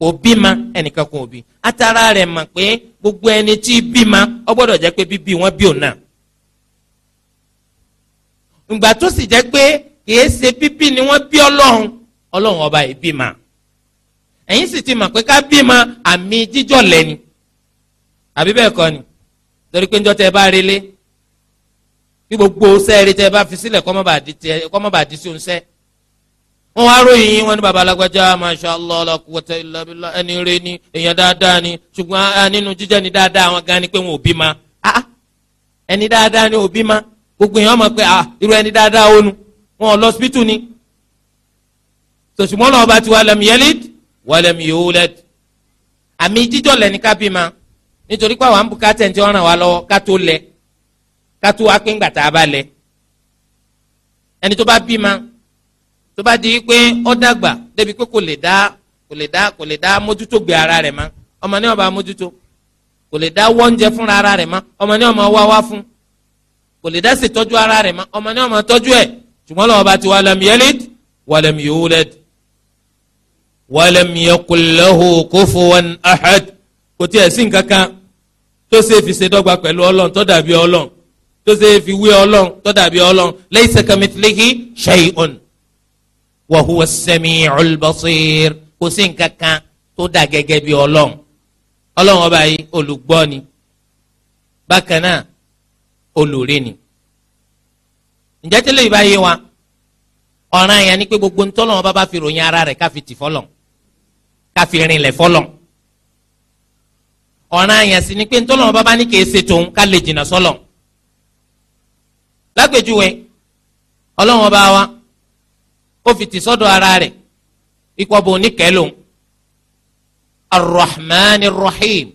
kò bímọ ẹnìkan kan òbí atara rẹ̀ mọ̀ pé gbogbo ẹni tí bímọ ọ gbọ́dọ̀ jẹ́ pé bíbí wọn bí òun náà ìgbà tó sì jẹ́ pé kìí ṣe bíbí ni wọ́n bí ọlọ́run ọlọ́run ọba yìí bímọ ẹ̀yin sì ti mọ̀ pé ká bímọ àmì jíjọ́ lẹ́ni àbí bẹ́ẹ̀ kọ́ ni torí pé ńjọ́ tẹ bá relé kí gbogbo sẹ́ẹ̀rì tẹ́ ẹ bá fi sílẹ̀ kọ́mọ́bà di sí oúnṣẹ́ wọn wá ròyìn yín wọn ní baba masha allah la quwwata illa billah ẹni rẹ ni èèyàn dáadáa ni ṣùgbọ́n nínú jíjẹ́ ni dáadáa àwọn gan ni pé wọn ò bí ma ah, ah. ẹni dáadáa ni ò bí ma gbogbo èèyàn mọ̀ pé ah, irú ẹni dáadáa ó nu wọn ò lọ síbítù ni tòṣùmọ́ náà ọba ti wà lam yalid wa lam yulad àmì jíjọ́ lẹ́ni ká bí ma nítorí pé àwọn àbùkátẹ̀ ń kátó wá pé ńgbà tá a bá lẹ ẹni tó bá bímọ tó bá di pé ó dàgbà débi pé kò lè dá kò lè dá kò lè dá mójútó gbé ara rẹ̀ mọ́ ọmọ ní ọba mójútó kò lè dá wọ́njẹ fúnra ara rẹ̀ mọ́ ọmọ ní ọmọ wá wá fún kò lè dá ṣètọ́jú ara rẹ̀ mọ́ ọmọ ní ọmọ tọ́jú ẹ̀ ṣùgbọ́n lọ́wọ́ bá ti wà lam yalid wà lam yulad wà lam yakul lahu kufuwan ahad kò tiẹ̀ sí nǹkan kan tó ṣe fi ṣe dọ́gba pẹ̀lú ọlọ́run tó dàbí ọlọ́run tó ṣe fi wé ọlọ́run tó dàbí ọlọ́run laysa kamithlihi shay'un wa huwa as-sami'ul basir kò sí nǹkan kan tó dà gẹ́gẹ́ bí ọlọ́run ọlọ́run ọba yìí olùgbọ́ ni bákan náà olùrí ni ǹjẹ́ tẹ́lẹ̀ ìbá yé wa ọ̀ràn yẹn ni pé gbogbo ntọ́lọ́ wọn bá fi ròyìn ara rẹ̀ káfi tì fọlọ̀ káfi rinlẹ̀ fọlọ̀ ọ̀ràn yẹn sì ni pé ntọ́lọ́ wọn bá ní kì í ṣe tòun ká lè jìnnà sọlọ̀. So lágbèjúwe ọlọ́run ọba wa ó fi tì sọ́dọ̀ ara rẹ̀ ikú ọba oníkẹ́lò arrahmani rahim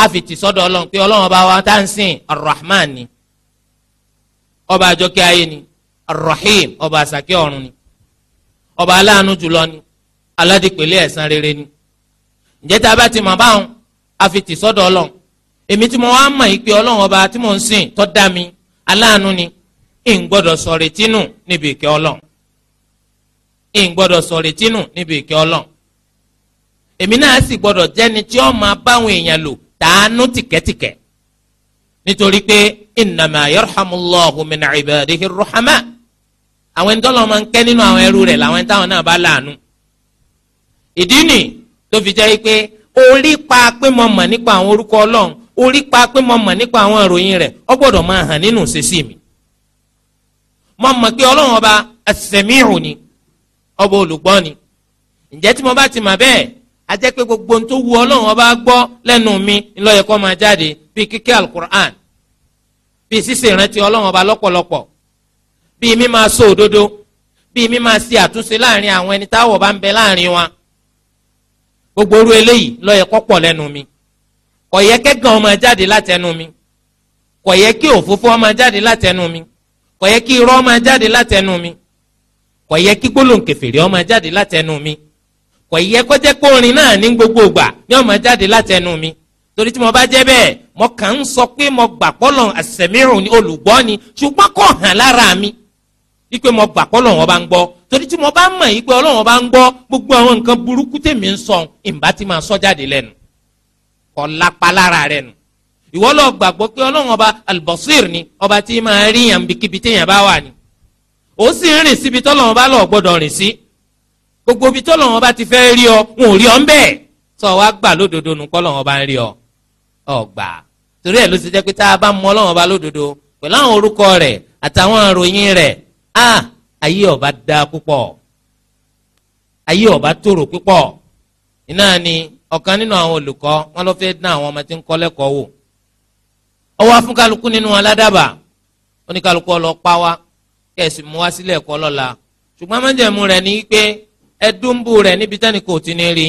á fi tì sọ́dọ̀ ọlọ́run pé ọlọ́run ọba wa tá à ń sìn arrahman ni ọba àjọkẹ́ ayé ni arrahim ọba àsàkẹ́ ọ̀run ni ọba aláàánú jùlọ ni aládìpẹ̀lẹ́ ẹ̀san rere ni ǹjẹ́ tá a bá ti mọ̀ báwọn á fi tì sọ́dọ̀ ọlọ́run èmi tí mo wá mọ̀ yìí pé ọlọ́run ọba tí mo ń sìn tó dá mi aláàánú ni ń gbọ́dọ̀ sọ retí nù níbi ìkẹ́ ọlọ́run ń gbọ́dọ̀ sọ retí nù níbi ìkẹ́ ọlọ́run èmi náà sì gbọ́dọ̀ jẹ́ni tí ó máa báwọn èèyàn lò tàánú tìkẹ́tìkẹ́ nítorí pé ìnàmà yarhamullahu min ibadihi ruhama àwọn ẹni tọ́lọ́ ń kẹ́ nínú àwọn ẹrú rẹ̀ làwọn ẹni táwọn náà bá láàánú ìdí nì tó fi jẹ́ pé orí pa pé mo mọ̀ nípa àwọn orúkọ ọlọ́run orí pa pé mo mọ̀ nípa àwọn ìròyìn rẹ̀ ọ gbọ́dọ̀ máa hàn nínú ìṣesí mi mo mọ̀ pé ọlọ́run ọba as ni ọba olùgbọ́ ni ǹjẹ́ tí mo bá ti mà bẹ́ẹ̀ a jẹ́ pé gbogbo tó wu ọba gbọ́ lẹ́nu mi ńlọ yẹ máa jáde bíi kíkẹ́ alukur'an bíi ṣíṣe ìrántí ọlọ́run ọba lọ́pọ̀lọpọ̀ bíi kò yẹ kẹ́gàn ọmọ jáde látẹnu mi kò yẹ kí òfófó ọmọ jáde látẹnu mi kò yẹ kí irọ́ ọmọ jáde látẹnu mi kò yẹ kí gbólóǹkèfèrè ọmọ jáde látẹnu mi kò yẹ kó jẹ́ gbogbo ní ọmọ jáde látẹnu mi tí mo bá jẹ mo kàn ń pé mo gbà ní ni ṣùgbọ́n kò hàn lára mi mo gbà wọn bá ń tí mo bá mọ bá ń gbogbo àwọn nǹkan burúkú ọ̀làpalára rẹ̀ nù ìwọ lọ gbàgbọ́ pé ọlọ́run ọba albasir ni ọba tí máa rí yàn bíkíbi téèyàn bá wà ni ó sì ń rìn síbi tọ́lọ́run bá lọ gbọ́dọ̀ rìn sí gbogbo ibi tọ́lọ́run ọba ti fẹ́ rí ọ wọn ò rí ọ ń bẹ́ẹ̀ sọ wá gbà lódodo nu kọ́lọ́run ọba ń rí ọ ọgbà torí ẹ̀ ló ti jẹ́ pé tá a bá mọ ọlọ́run ọba lódodo pẹ̀lú àwọn orúkọ rẹ̀ àtàwọn àròyìn rẹ̀ a ayé ọba da púpọ̀ ayé ọba tòrò púpọ̀ iná ni ọ̀kan nínú àwọn olùkọ́ wọn lọ fẹ́ dán àwọn ọmọ tí ń kọ́ lẹ́kọ̀ọ́ wò ọwọ́ afúnkálukú nínú wọn ládàbà oníkálukú ọlọ pa wá mú wá sílẹ̀ ẹ̀kọ́ lọ́la ṣùgbọ́n mẹ́jẹ̀mú rẹ̀ ní pé ẹdúnbù rẹ̀ níbi tẹ́ni kò ti ní rí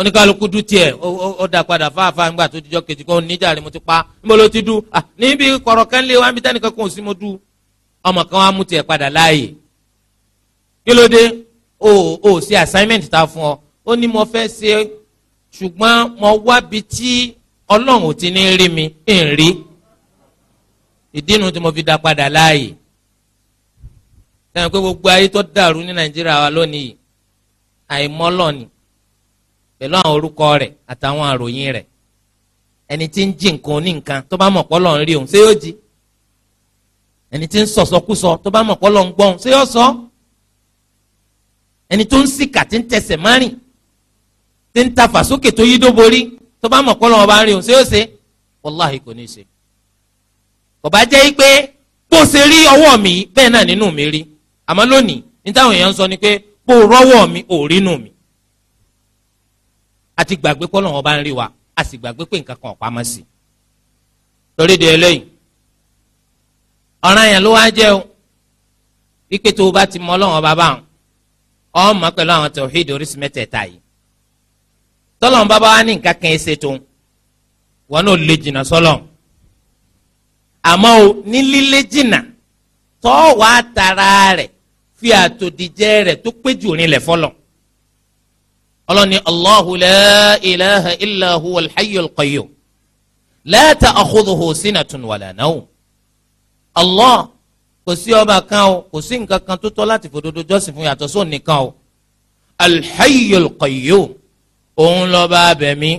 oníkálukú dú tiẹ̀ ó dà padà fáfá ńgbà tó dijọ́ kejì kó níjà rẹ̀ mo ti pa níbo ló ti dú níbi ọmọ kan wá mú tiẹ̀ ó ní mo fẹ́ ṣe ṣùgbọ́n mo wábi tí ọlọ́run ti ní rí mi ń rí ìdínú tí mo fi dá padà láàyè sẹ́yìn pé gbogbo ayé tó dàrú ní nàìjíríà wa lónìí àìmọ́lọ́ni pẹ̀lú àwọn orúkọ rẹ̀ àtàwọn àròyìn rẹ̀ ẹni tí ń jí nǹkan ní nǹkan tó bá mọ̀ pọ́lọ̀ ń rí òun ṣé yóò jí ẹni tí ń sọ̀sọkúsọ tó bá mọ̀ pọ́lọ̀ ń gbọ́n ṣé yóò sọ ẹni tó ń sìkà tí ń tẹsẹ̀ márìn tí ń ta fàsókè tó yí dóborí tó bá mọ̀ kọ́ lọ́wọ́ bá ń rí o ṣé ó ṣe wàláhì kò ní ṣe kò bá jẹ́ pé bó ṣe rí ọwọ́ mi bẹ́ẹ̀ náà nínú mi rí àmọ́ lónìí ní táwọn èèyàn ń sọ ni pé bó rọ́wọ́ mi ò rí nù mi a ti gbàgbé kọ́ lọ́wọ́ bá ń rí wa a sì gbàgbé pé nǹkan kan ọ̀pá mọ́ sí i torí de eléyìí ọ̀ràn yẹn ló wá jẹ́ o wípé tó o bá ti mọ ọlọ́wọ́n bàbá àwọn ọmọ pẹ̀lú àwọn tẹ̀wọ́hídì tọ́lọ̀ ń bá bá wá ní nǹkan kan ṣe tó wọn náà lè jìnnà sọ́lọ̀ àmọ́ o ní lílé jìnnà tọ́ wàá tara rẹ̀ fi àtòdìjẹ́ rẹ̀ tó péjú rinlẹ̀ fọlọ̀ ọlọ́ni allahu la ilaha illa huwa alhayyul qayyum la ta'khudhuhu sinatun wala nawm allah kò sí ọba kan o kò sí nǹkan kan tó tọ́ láti fòdodo jọ́sìn fún yàtọ̀ sóun nìkan o alhayyul qayyum òun lọ́ba abẹ̀mí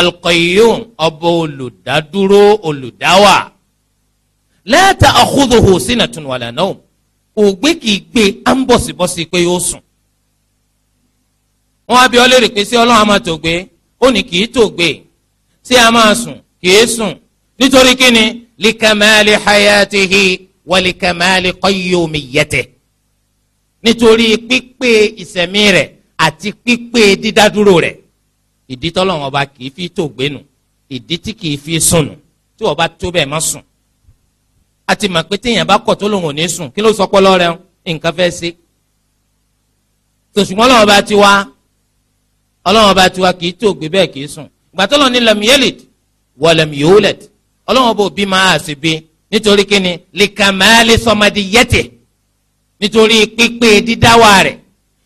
alqayyum ọba olùdádúró olùdáwà la ta'khudhuhu sinatun wala nawm ògbé kìí gbé à ń bọ̀sibọ́sí pé yóò sùn. wọ́n á bí ọ léèrè pé sí ọlọ́run a máa tògbé ó ní kìí tògbé sí a máa sùn kìí sùn nítorí kí likamali hayatihi wa likamali qayyumiyyatihi nítorí pípé ìsẹ̀mí rẹ̀ àti pípé dídádúró rẹ̀ ìdí tọ́lọ́wọ́n ọba kì í fi tó gbénu ìdí tí kì í fi sùn nù tí wọ́n bá tó bẹ́ẹ̀ má sùn àti mọ̀ pé téèyàn bá kọ̀ tó lòun ò ní sùn kí ló sọ pé lọ́rẹ́ nǹkan fẹ́ ṣe tòṣùgbọ́n ọlọ́wọ́n ọba ti wá ọlọ́wọ́n ọba ti wá kì í tó bẹ́ẹ̀ kì í sùn gbàtọ́lọ́ ní lam yelid wa lam yulad ọlọ́wọ́n bò bí máa sì bí nítorí kíni likamali sọmadiyẹtì nítorí pípé dídáwà rẹ̀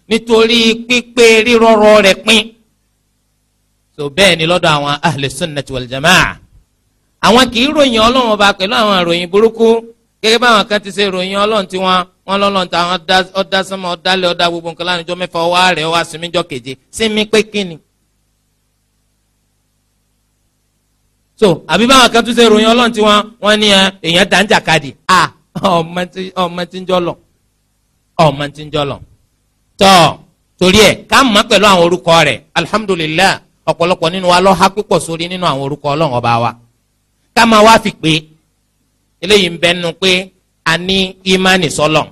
nítorí pípé rírọrọ rẹ̀ pín so bẹ́ẹ̀ ni lọ́dọ̀ àwọn ahlẹ̀ sunnati wal jamaa àwọn kì í ròyìn ọlọ́run ọba pẹ̀lú àwọn ìròyìn burúkú gẹ́gẹ́ báwọn kan ti ṣe ròyìn ọlọ́run tí wọ́n wọ́n lọ́lọ́run táwọn ọ̀dá sánmọ̀ ọ̀dálẹ̀ ọ̀dá gbogbo nǹkan lánàá jọ mẹ́fà ọwọ́ rẹ̀ ọwọ́ àsìmíjọ keje sinmi pé kíni. so àbí báwọn kan tún ṣe ròyìn ọlọ́run tí wọ́n wọ́n ní eh, èèyàn dáńjà kadì ah, ọmọ tí ń jọ lọ ọmọ tí ń jọ lọ tọ́ torí ẹ̀ ká mọ̀ pẹ̀lú àwọn orúkọ rẹ̀ alihamudulilayi ọ̀pọ̀lọpọ̀ nínú wa lọ́ha pípọ̀ sórí nínú àwọn orúkọ ọlọ́run ọba wa ká máa wá fi pé eléyìí ń bẹ nínú pé a ní ìmánì sọlọ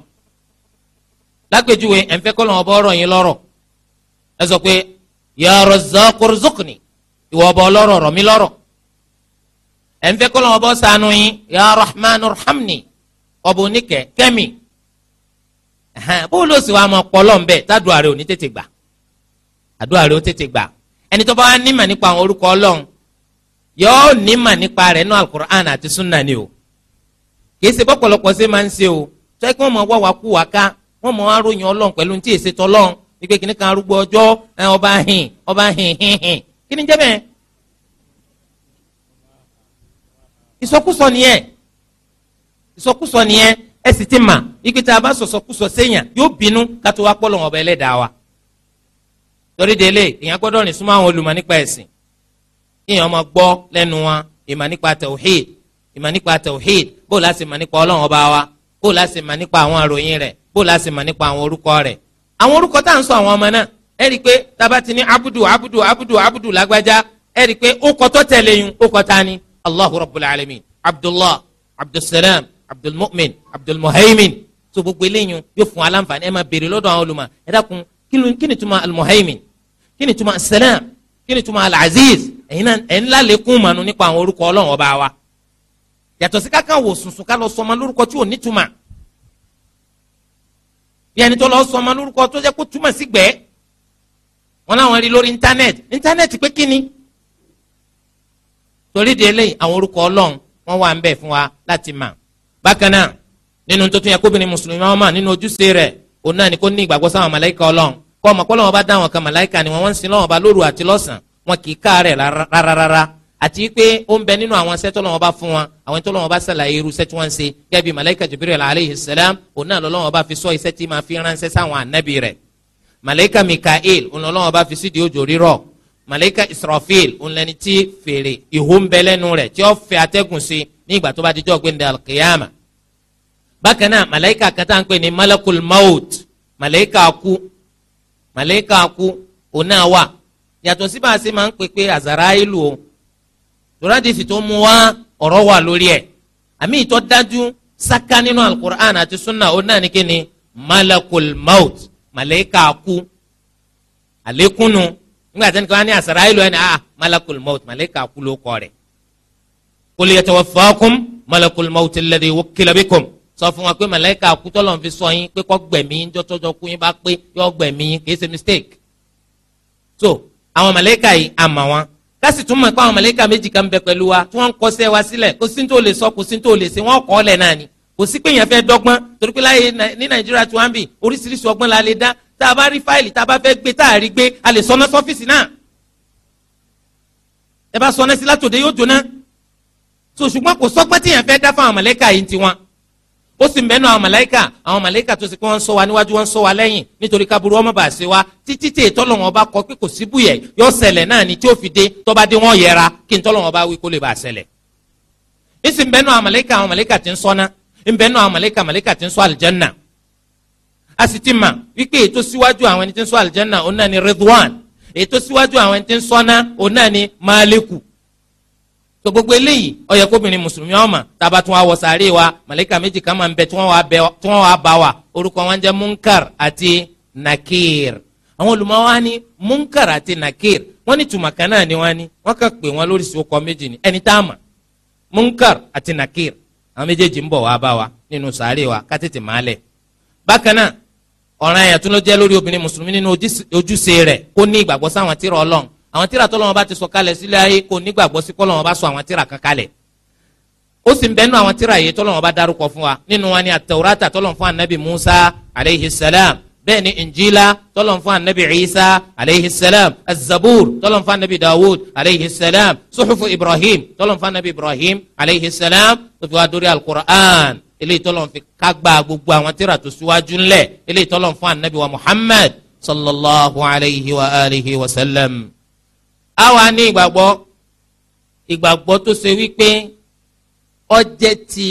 lágbèjúwe ẹ̀ńfẹ́ kọ́ lọ́wọ́ bọ́ yín lọ́rọ̀ ẹ sọ pé ya Razzaq ìwọ ọba ọlọ́rọ̀ rọ̀ mí lọ́rọ̀ ẹ̀ńfẹ́ kọ́ lọ́wọ́ bọ́ yín ya Rahman urhamni ọba oníkẹ́ bóòlù ó sì wá mọ ọpọlọ ń bẹ tádùá rẹ ò ní tètè gbà àdúrà rẹ tètè gbà ẹni tó bá wá nímà nípa àwọn orúkọ Ọlọ́run yóò nípa rẹ̀ nínú alukur'an àti sunna o kì í ṣe bọ́pọ̀lọpọ̀ ṣe máa ń ṣe o tó kí mọ wá kú ká mọ wá ròyìn tí ọba hìn ọba hìn hìn hìn kí ni ẹ sì ti mà ike tá a bá sọ̀sọ̀ kú sọ séèyàn yóò bínú ká tó wá pọ́lọ̀ wọn ọba ẹlẹ́dàá wa. torí délé èèyàn gbọ́dọ̀ rìn súnmọ́ àwọn olùmọ̀ nípa ẹ̀sìn èèyàn máa gbọ́ lẹ́nu wọn ìmọ̀ nípa tawhid ìmọ̀ nípa tawhid bó láti mọ̀ nípa ọlọ́run ọba wa bó láti mọ̀ nípa àwọn àròyìn rẹ̀ bó láti mọ̀ nípa àwọn orúkọ rẹ̀ àwọn orúkọ tá à ń sọ àwọn ọmọ náà ẹ rí i pé tába ti ní abudu abudu abudu abudu lágbájá ẹ rí i pé ó kọ́ tó ó kọ́ ni allahu Rabbi alamin abdullah abdulsalam abdulmumin abdulmuhaimin so gbogbo eléyìn yóò fún aláǹfààní ẹ máa béèrè lọ́dọ̀ àwọn olùmọ̀ ẹ dákun kí ni tuma almuhaimin kí ni tuma asalam kí ni tuma alaziz ẹ̀yin ńlá lẹ́kún mànú nípa àwọn orúkọ ọlọ́run ọba wa yàtọ̀ sí kákan wò sùnsùn ká lọ sọmọ lórúkọ tí ò ní tuma bí ẹni tó lọ sọmọ lórúkọ tó jẹ́ kó túmọ̀ sí gbẹ́ẹ́ wọn làwọn rí lórí íńtánẹ́ẹ̀tì íńtánẹ́ẹ̀tì pé kíni torí di àwọn orúkọ ọlọ́run wọn wà ń bẹ̀ fún wa láti mọ̀ bákan náà nínú tó tún yẹ kóbìnrin mùsùlùmí wọn mà nínú ojúṣe rẹ̀ òun náà ni kó ní ìgbàgbọ́ sáwọn màláìka ọlọ́run kọ́ ọmọ kọ́lọ́wọ́n bá dáwọn kan màláìka ni wọ́n wọ́n ń sin lọ́wọ́n bá lóru àti lọ́sàn wọn kì í káàárẹ̀ rárára àti pé ó ń bẹ nínú àwọn iṣẹ́ tọ́lọ́wọ́n bá fún wọn àwọn tọ́lọ́wọ́n bá ṣàlàyé irú iṣẹ́ wọ́n ń ṣe gẹ́gẹ́ bí màláìka Jibril alayhi salam òun náà lọ́lọ́wọ́n bá fi sọ iṣẹ́ tí máa fi Mikael òun lọ́lọ́wọ́n bá fi sídìí Israfil òun lẹni tí fèrè ìhó ń bẹ lẹ́nu rẹ̀ tí ó fẹ́ atẹ́gùn bákan náà màláìka kan tá à ń pè ní malakul maut màláìka kú màláìka kú òun náà wà yàtọ̀ sí bá a ṣe máa ń pè pé àzàrà ìlú o tòrádìsì tó mú wá ọ̀rọ̀ wà lórí ẹ̀ àmì ìtọ́ dájú sáká nínú alukur'an àti sunna òun náà ní kí ni malakul maut màláìka kú àlékúnnu nígbà tí wọn ní àzàrà ìlú ẹni ah malakul maut màláìka kú ló kọ rẹ̀ qul yatawaffakum malakul maut alladhi wukkila bikum sọ fún wa pé màláíkà akutọlọ fi sọ yín pé kó gbẹ̀mí jọtọjọ kú yín bá pé yọ gbẹ̀mí kìí ṣe mistake so àwọn màláíkà yìí àmà wọn kásì tún mọ̀ pé àwọn màláíkà méjì kan bẹ pẹ̀lú wa tí wọ́n ń kọsẹ̀ wa sílẹ̀ kò sí tó lè sọ kò sí tó lè ṣe wọ́n kọ́ lẹ̀ náà ni kò sí pé yẹn fẹ́ dọ́gbọ́n torí pé láyé ní nàìjíríà tí wọ́n ń bì oríṣiríṣi ọgbọ́n la lè dá tá a bá rí fáìlì tá a bá fẹ́ gbé tá a rí gbé a lè sọ sọ́fíìsì náà ẹ bá sọ sí látòdé yóò jóná so ṣùgbọ́n kò sọ́gbọ́n tí yẹn fẹ́ dá fáwọn màláíkà yìí ti wọn ó sì mẹ́nu àwọn màláìkà àwọn màláìkà tó sì kí wọ́n ń ṣọ́ wa níwájú wọ́n ń ṣọ́ wa lẹ́yìn nítorí kábúrú ọmọ bá ṣe wa títí tè tọ́lọ́wọ́n bá kọ pé kò síbú yẹ yọ ṣẹlẹ̀ náà ni tí ó fi dé tọ́ba dé wọ́n yẹra kí n tọ́lọ́wọ́n bá wí kó lè bá ṣẹlẹ̀. ní sì mẹ́nu àwọn màláìkà àwọn màláìkà ti ń ṣọ́ná ń bẹ́nu àwọn màláìkà màláìkà ti ń ṣọ́ àlìjẹ́nà a sì ti mà wípé ètò síwájú àwọn ẹni tí ń ṣọ́ àlìjẹ́nà òun tó gbogbo eléyìí ó yẹ kóbìnrin mùsùlùmí ọmọ tába tí wọn wọ sàárè wa màlàíkà méjì kan máa ń bẹ tí wọn bá wa orúkọ wọn jẹ́ munkar àti nakir àwọn olùmọ̀ wa ni munkar àti nakir wọ́n ní tùmọ̀ kan náà ni wọ́n ní wọ́n kàn pè wọ́n lórí sòkò méjì ni ẹni tá a mọ̀ munkar àti nakir àwọn méjèèjì ń bọ̀ wá bá wa nínú sàárè wa ká tètè máa lẹ̀ bákan náà ọ̀ràn àyàtúndọ́jẹ́ lórí obìnrin mùsùlùmí nínú ojúṣe rẹ̀ kó ní ìgbàgbọ́ sáwọn tírà àwọn tíra tọ́lọ́wọ́n bá ti sọ kalẹ̀ sílẹ̀ ayé kò nígbàgbọ́ sí kọ́lọ́wọ́n bá sọ àwọn tíra kan kalẹ̀ ó sì ń bẹ́ẹ̀ nù àwọn tíra yìí tọ́lọ́wọ́n bá darúkọ fún wa nínú wa ni àtẹ̀wúrátà tọ́lọ́wọ́n fún anabi musa aleyhi salam bẹ́ẹ̀ ni injila tọ́lọ́wọ́n fún anabi isa aleyhi salam azabur tọ́lọ́wọ́n fún anabi dawud aleyhi salam suhufu ibrahim tọ́lọ́wọ́n fún anabi ibrahim aleyhi salam tó fi wá a wà ní ìgbàgbọ́ ìgbàgbọ́ tó ṣe wípé ọjẹ́ ti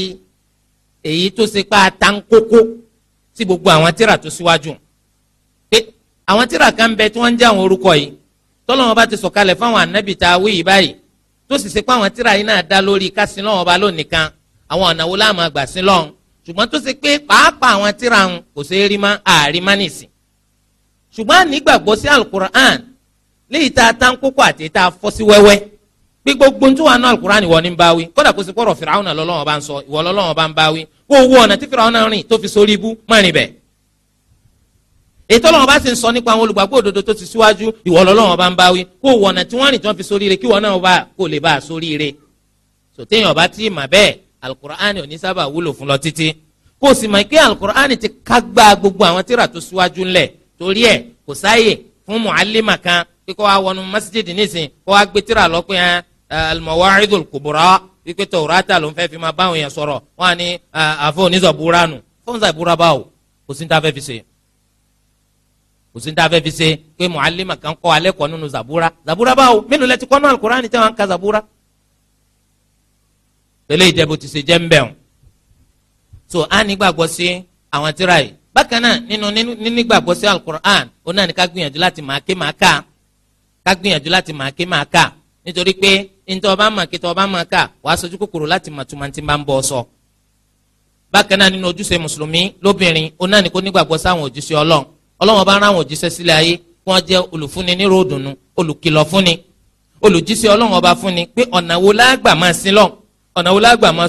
èyí tó ṣe pa àtàǹkókó sí gbogbo àwọn tíra tó síwájú pé àwọn tíra kan bẹ tí wọ́n ń jẹ́ àwọn orúkọ yìí tọ́lọ́wọ́n bá ti sọ̀kalẹ̀ fáwọn ànábì tá a wí yìí báyìí tó sì ṣe pé àwọn tíra yìí náà dá lórí kásínlọ́wọ́n ọba lónìkan àwọn ọ̀nà wo láàmú àgbà sí lọ́hùn ṣùgbọ́n tó ṣe pé pàápàá àwọn tíra ń kò ṣeé rí má àárí má nìsín ṣùgbọ́n nígbàgbọ́ sí alukur'an léyìí tá a tá ń kókó àti tá a fọ́ sí wẹ́wẹ́ bí gbogbo tó wà náà alukura ni wọ́n ní bá wí kódà kó sì kọ́rọ̀ fìràwọ̀n lọ́lọ́wọ́ bá ń sọ ìwọ lọ́lọ́wọ́ bá ń bá wí kó owó ọ̀nà tí fìràwọ̀n rìn tó fi sórí ibú má rìn bẹ̀. ètò ọlọ́wọ́ bá sì ń sọ nípa àwọn olùgbàgbọ́ òdodo tó ti síwájú ìwọ lọ́lọ́wọ́ bá ń bá wí kó owó ọ̀nà tí wọ́n rìn tó fi sórí ire kí wọ́n náà kó lè bá a sórí ire. sòtéèyàn bá tí mà bẹ́ẹ̀ alukuraani ò ní sábà kíkọ́ wa wọnú masjid nísìn kó wa gbé tírà lọ pé hàn eh, eh, al-Mawa'idul Kubra wípé Taurata ló ń fẹ́ fi máa báwọn yẹn sọ̀rọ̀ wọn à ní eh, àfọ onízọ̀búra nù fọ́nzàbúra báwo kò sí ta fẹ́ fi ṣe òsín tá a fẹ́ fi ṣe pé mu'allima kan kọ́ alẹ́ kọ́ nínú zabura zabura báwo mélòó lẹ ti kọ́ nínú alukurani tí wọ́n ka zabura. pẹ̀lẹ́ ìjẹ́bù ti ṣe jẹ́ ń so a nígbàgbọ́ sí àwọn tírà yìí bákan náà nínú nínígbàgbọ́ sí alukuran òun náà ní ká gbìyànjú láti máa ké máa ká ká gbìyànjú láti máa ké máa kà nítorí pé ntọ́ ọba máa ké tọ́ ọba máa kà wàá sojú kòkòrò láti máa tuma ti máa ń bọ̀ sọ. bákan náà nínú ojúṣe mùsùlùmí lóbìnrin ó náà ní kó nígbàgbọ́ sáwọn òjíṣe ọlọ́run ọlọ́run ọba rán àwọn òjíṣẹ́ sílẹ̀ ayé kí wọ́n jẹ́ olùfúnni ní ròdùnú olùkìlọ̀ fúnni olùjíṣẹ́ ọlọ́run ọba fúnni pé ọ̀nà wo lágbà máa sin lọ ọ̀nà wo lágbà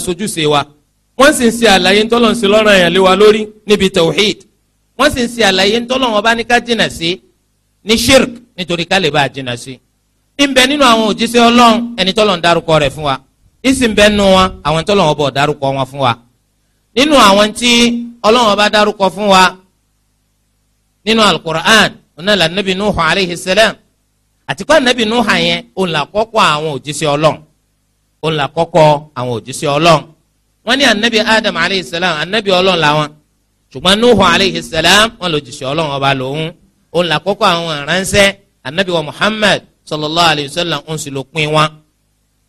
shirk nítorí ká lè bá a jìnnà sí i. ń bẹ nínú àwọn òjíṣẹ́ ọlọ́run ẹni tọ́lọ̀ ń darúkọ rẹ̀ fún wa ìsìn bẹ nínú wọn àwọn tọ́lọ̀ wọn bọ̀ darúkọ wọn fún wa. nínú àwọn tí ọlọ́run ọba darúkọ fún wa nínú alukur'an ọ̀nà la nabi nuhu alayhi salam àtikọ́ nabi nuhu yẹn òun là kọ́kọ́ àwọn òjíṣẹ́ ọlọ́run òun là kọ́kọ́ àwọn òjíṣẹ́ ọlọ́run wọ́n ní anabi adam alayhi salam anabi ọlọ́run làwọn ṣùgbọ́n nuhu alayhi salam wọn lòjíṣẹ́ ọlọ́run ọba lòun òun kọ́kọ́ àwọn aránṣẹ́ anabi wa muhammad sallallahu alayhi wa sallam ń sì ló pin wọn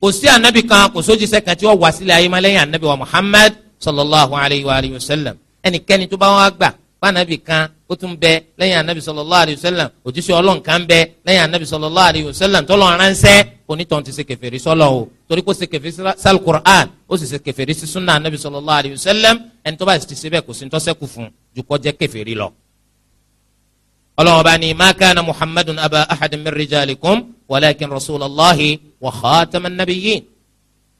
kò sí anabi kan kò sójì sẹ́kàn tí wọ́n wá sílẹ̀ ayé má lẹ́yìn anabi wa muhammad sallallahu alayhi wa alayhi wa sallam ẹnikẹ́ni tó bá wọn gbà fanabi kan ó tún bẹ lẹ́yìn anabi sallallahu alayhi wa sallam òjíṣẹ́ ọlọ́run kan bẹ lẹ́yìn anabi sallallahu alayhi wa sallam tọ́lọ́ ránṣẹ́ onítọ̀hún ti ṣe kèfèrí sọ́lọ́ o torí kó ṣe kèfèrí sal qur'an ó sì ṣe kèfèrí sí sunna anabi sallallahu alayhi wa sallam ẹni tó bá ti ṣe bẹ́ẹ̀ kò sí ń fún ju jẹ́ kèfèrí lọ ọlọ́run ọba ni ma kana muhammadun aba ahadin min rijalikum walakin rasulallahi wa khataman nabiyyin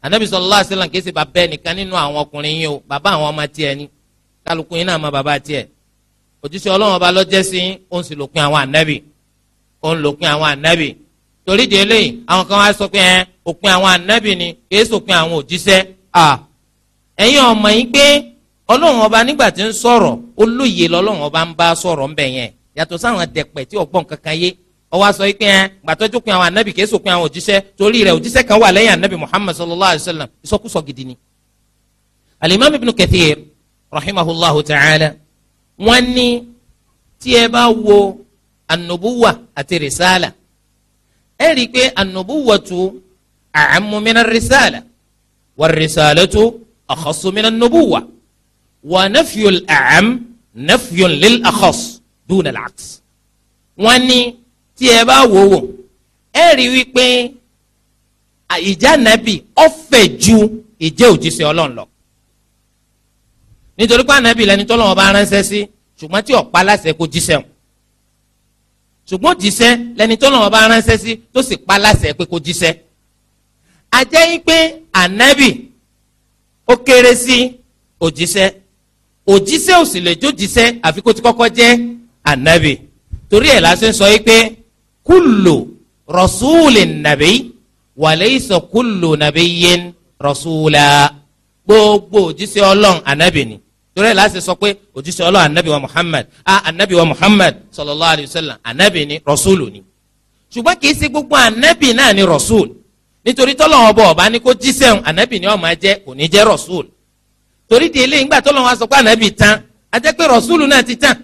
anabi sallallahu alaihi wasallam kìí ṣe bàbá ẹnìkan nínú àwọn ọkùnrin yìí o bàbá àwọn ọmọ tiẹ̀ ni kálukú yìí náà mọ bàbá tiẹ̀ òjíṣẹ́ ọlọ́run ọba lọ́jẹ́ sí ó ń sì lòpin àwọn ànábì ó ń lòpin àwọn ànábì torí di eléyìí àwọn kan wá sọ pé ẹ òpin àwọn ànábì ni kìí sòpin àwọn òjíṣẹ́ à ẹ̀yin ọmọ yìí pé ọlọ́run nígbà tí ń sọ̀rọ̀ olóye lọ́lọ́run ọba ń bá sọ̀rọ̀ ńbẹ̀ yàtọ̀ sáwọn dẹ̀pẹ̀ tí ọgbọ́n kankan yé ọwọ́ sọ pé ẹ gbàtọ́jú pé àwọn anabi kìí sòpin àwọn òjíṣẹ́ torí rẹ̀ òjíṣẹ́ kan wà lẹ́yìn anabi Muhammad sallallahu alayhi wa sallam ìsọkúsọ gidi ni. alimami ibn Kathir rahimahullahu ta'ala wọ́n ní tí ẹ bá wo anubuwa àti risala ẹ rí i pé anubuwa tu a'ammu risala wa risala tu akhassu nubuwa wa nafyul a'am nafyun lil akhassu dúnà làks wọn ní tí ẹ bá wò wò ẹ rí wípé ìjà nàbì ọ̀fẹ́ ju ìjẹ́ òjíṣẹ́ Ọlọ́run lọ nítorí pé ànábì lẹni tó lọ́wọ́ bá ránṣẹ́ sí ṣùgbọ́n tí ọ̀pá láṣẹ kó jíṣẹ́ o ṣùgbọ́n jíṣẹ́ lẹni tó lọ́wọ́ bá ránṣẹ́ sí tó sì pa láṣẹ pé kó jíṣẹ́ àjẹ́ yín pé ànábì ó kéré sí òjíṣẹ́ òjíṣẹ́ ò sì lè jó jíṣẹ́ àfi kó ti kọ́kọ́ jẹ́ ànábì torí ẹ̀ lásán sọ yìí pé kúlò rọ̀súùlì nàbí wàlẹ́ ìsọ̀ kúlò nàbí yẹn rọ̀súùlà gbogbo òjíṣẹ́ ọlọ́run ànábì ni torí ẹ̀ lásán sọ pé òjíṣẹ́ ọlọ́run ànábì wa Muhammad a ànábì wa Muhammad sallallahu alayhi wa sallam ànábì ni rọ̀súùlù ni ṣùgbọ́n kì í ṣe gbogbo ànábì náà ni rọ̀súùlù nítorí tọ́lọ́wọ́n bọ̀ ọ̀bá ní kó jíṣẹ́ ànábì ni ó máa jẹ́ kò ní jẹ́ rọ̀súùlù torí di eléyìí ńgbà tọ́lọ́wọ́n á sọ pé ànábì tán á jẹ́ pé rọ̀súùlù náà ti tán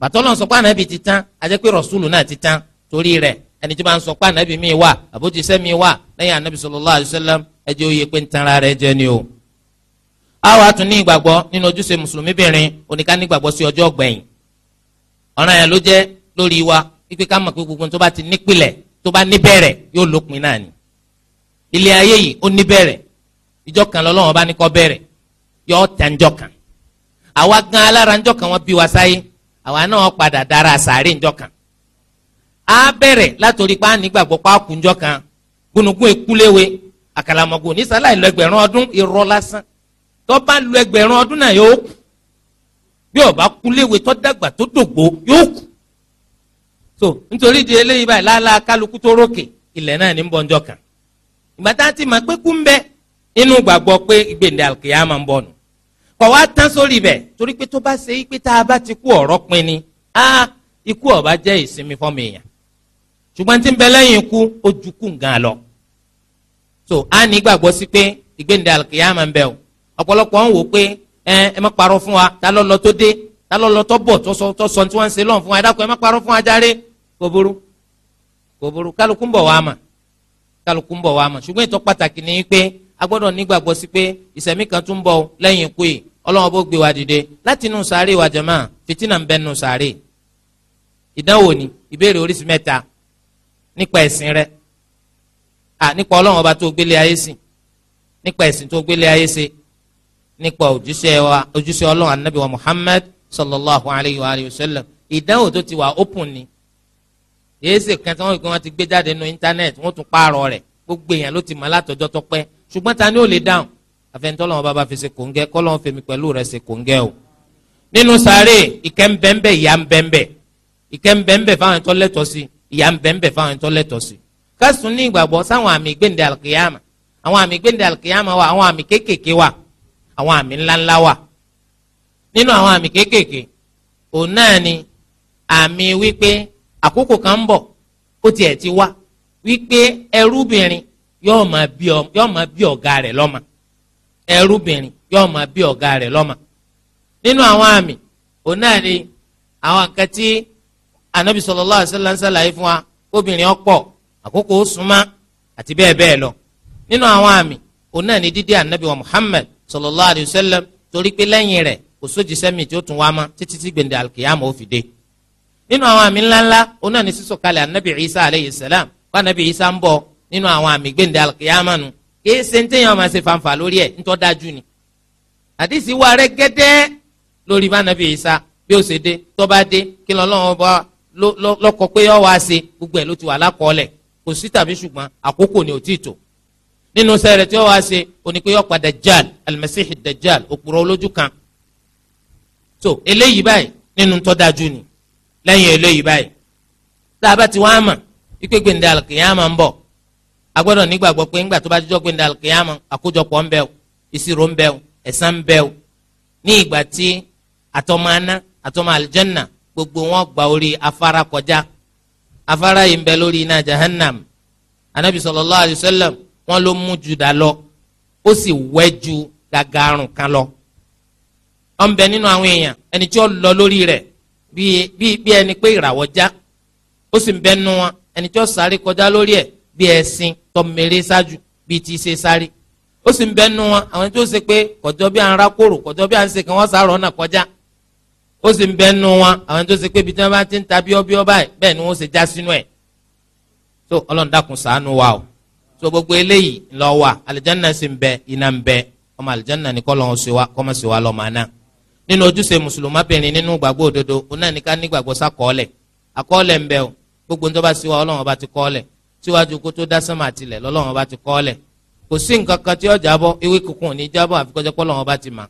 bàtọ́lọ̀ sọ pé ànábì ti tán àti pé rọ̀ṣúlù náà ti tán torí rẹ̀ ẹni tí wọ́n sọ pé ànábì mi wà àbójúṣe mi wà lẹ́yìn ànábì sallallahu alaihi wasallam ẹ pé ń tanra rẹ̀ jẹ ni o. àwa tún ní ìgbàgbọ́ nínú ojúṣe mùsùlùmí bìnrin oníká ní ìgbàgbọ́ sí ọjọ́ gbẹ̀yìn ọ̀ràn yẹn ló jẹ́ lórí wa wípé ká mọ̀ pé gbogbo tó bá ti nípìlẹ̀ tó bá níbẹ̀rẹ̀ yóò lópin náà ni ilé ayé yìí ó níbẹ̀rẹ̀ ìjọ kan lọ́lọ́run bá ní kó bẹ̀rẹ̀ yọ ọ́ tẹ̀ ńjọ kan àwa gan alára ńjọ kan wọ́n bí wa sáyé àwa náà padà dára sàárè ńjọ́ kan á bẹ̀rẹ̀ látòrí pa nígbàgbọ́ pa kú ńjọ́ kan gúnugún ekúléwe àkàlàmọ̀gbò nísàlá ọdún irọ́ lásán tó bá lu ẹgbẹ̀rún ọdún náà yóò kú bí so nítorí di eléyìí báyìí lálá kálukú tó rókè ilẹ̀ náà ní bọ́ ti mọ̀ pé kú ń bẹ inú gbàgbọ́ pé àlùkìyà máa ń bọ̀ kọ̀ wá tán sórí bẹ̀ torí pé tó bá ṣe é pé tá a bá ti kú ọ̀rọ̀ pin ni á ikú ọ̀bá jẹ́ ìsinmi fọ́mọ èèyàn ṣùgbọ́n tí ń bẹ lẹ́yìn ikú ó ju kú gan lọ. so a ní gbàgbọ́ sí pé ìgbéǹde àlùkìyámà ń bẹ o ọ̀pọ̀lọpọ̀ ń wò pé ẹ ẹ má parọ́ fún wa ta ló lọ tó dé ta ló lọ tó bọ̀ tó sọ tó sọ tí wọ́n ń ṣe lọ́n fún wa ẹ dákun ẹ má parọ́ fún wa járe kò burú kò burú kálukú ń bọ̀ wá mà kálukú ń bọ̀ wá mà ṣùgbọ́n ìtọ́ pàtàkì ni pé a gbọ́dọ̀ nígbàgbọ́ sí pé ìsẹ̀mí kan tún bọ̀ lẹ́yìn ikú yìí ọlọ́wọ́n bó gbé wa dìde láti inú sàárè wa jàmá fìtínà ń bẹ nù sàárè ìdánwò ni ìbéèrè oríṣi mẹ́ta nípa ẹ̀sìn rẹ à nípa ọlọ́wọ́n ọba tó gbélé ayé sìn nípa ẹ̀sìn tó gbélé ayé ṣe nípa ojúṣe wa ojúṣe ọlọ́wọ́n anabi wa Muhammad sallallahu alayhi wa alayhi wa sallam ìdánwò tó ti wà open ni èyí sì kẹta wọn kí wọn ti gbé jáde nínú íńtánẹ́ẹ̀tì wọn tún pààrọ̀ rẹ̀ gbogbo èèyàn ló ti mọ̀ látọjọ́ tó pẹ́ ṣùgbọ́n ta ni ó lè dáhùn àfẹnitọ́lọ́wọ́n bá bá fi ṣe kòńgẹ́ kọ́lọ́wọ́n fèmí pẹ̀lú rẹ̀ ṣe kòńgẹ́ o nínú sáré ìkẹ́ ń bẹ́ńbẹ́ ìyá ń bẹ́ńbẹ́ ìkẹ́ ń bẹ́ńbẹ́ fáwọn ẹ̀tọ́ lẹ́tọ̀ sí ìyá ń bẹ́ńbẹ́ fáwọn ẹ̀tọ́ lẹ́tọ̀ sí. kásùn ní ìgbàgbọ́ sáwọn àmì gbẹ̀ǹdẹ̀ àlùkìyàmà àwọn àmì gbẹ̀ǹdẹ̀ àlùkìyàmà wa àwọn àmì kéékèèké wa àwọn àmì ńláńlá wa nínú àwọn àmì kéékèèké òun náà ni àmì wípé àkókò kan ń bọ̀ ó tiẹ̀ ti wá wípé ẹrúbìnrin yọọ ma bí ọ yóò máa bí ọ̀gá rẹ̀ lọ́mọ ẹrúbìnrin yọọ ma bí ọ̀gá rẹ̀ lọ́mọ nínú àwọn àmì òun náà ni àwọn nǹkan tí anabi sallallahu alaihi wasallam ṣàlàyé fún wa obìnrin ọ̀pọ̀ àkókò súnmọ́ àti bẹ́ẹ̀ bẹ́ẹ̀ lọ nínú àwọn àmì òun náà ni anabi wa muhammad sallallahu alaihi torí pé lẹ́yìn kò tí ó tún wá títí tí alkiyama ó fi dé nínú àwọn àmì ńláńlá òun náà ni anabi isa salam nínú àwọn àmì gbẹ̀ǹdẹ̀ alkiyamanu kìí ṣe ń tẹ̀yàn máa ṣe fanfa lórí ẹ̀ ńtọ́ dájú ni àdìsí wa rẹ gẹ́dẹ́ lórí bá nàbí Ìsá bí ó ṣe dé tó bá dé kí lọ́lọ́run bá lọ́kọ̀ pé yọ wá ṣe gbogbo ẹ̀ ló ti wà lákọọ́lẹ̀ kò sí tàbí ṣùgbọ́n àkókò ni ò tí ì tó nínú sẹ́rẹ̀ tí ó wá ṣe onípe yọ pa Dajjal al-Masih Dajjal òpùrọ̀ olójú kan tó eléyìí báyìí nínú tó dájú ni lẹ́yìn eléyìí báyìí tá a bá ti wá mọ̀ ikú gbèǹdé àlùkìyàmà ń bọ̀ a gbọ́dọ̀ nígbàgbọ́ pé ńgbà tó bá jọjọ pé ní alkiyama àkójọpọ̀ ń bẹ o ìṣirò ń bẹ o ẹ̀san ń bẹ o ní ìgbà tí àtọmọ aná àtọmọ aljanna gbogbo wọn gba orí afárá kọjá afárá yìí ń bẹ lórí iná jahannam anabi sallallahu alayhi wa sallam wọn ló mú juda lọ ó sì wẹ́ ju gàgàrùn kan lọ ọ̀n bẹ nínú àwọn èèyàn ẹni tí ó lọ lórí rẹ̀ bí ẹni pé ìràwọ̀ já ó sì ń bẹ nínú wọn ẹni tí ó sáré kọjá lórí ẹ̀ bí ẹṣin tọmọmẹrẹ ṣáájú bíi ti ṣe sáré ó sì ń bẹnu wọn àwọn tó ṣe pé kọjọ bí ara kòrò kọjọ bí à ń ṣe kí wọn sáré ọ̀nà kọjá ó sì ń bẹnu wọn àwọn tó ṣe pé ibi tí wọn bá ti ń ta bíọ́ bíọ́ báyìí bẹ́ẹ̀ ni wọ́n ṣe já sínú ẹ̀ tó ọlọ́run dákun ṣàánú wa o tó gbogbo eléyìí lọ wà àlìjáná sì ń bẹ iná ń bẹ ọmọ àlìjáná ni kọ́lọ́ ń ṣe wa kọ́mọ ṣe wa lọ́mọ aná nínú ojúṣe mùsùlùmábìnrin nínú gbàgbọ́ òdodo onáníkà nígbàgbọ́ sákọ́ọ́lẹ̀ àkọ́ọ́lẹ̀ ń bẹ o gbogbo ń tó bá ṣe wa ọlọ́run ọba ti kọ́ọ́lẹ̀ síwájú kó tó dá sánmà tilẹ̀ lọ́lọ́run ọba ti kọ́ọ́lẹ̀ kò sí nǹkan kan tí ó jábọ́ ewé kunkun ní jábọ́ àfi kó jẹ́ pé ọlọ́run ọba ti mà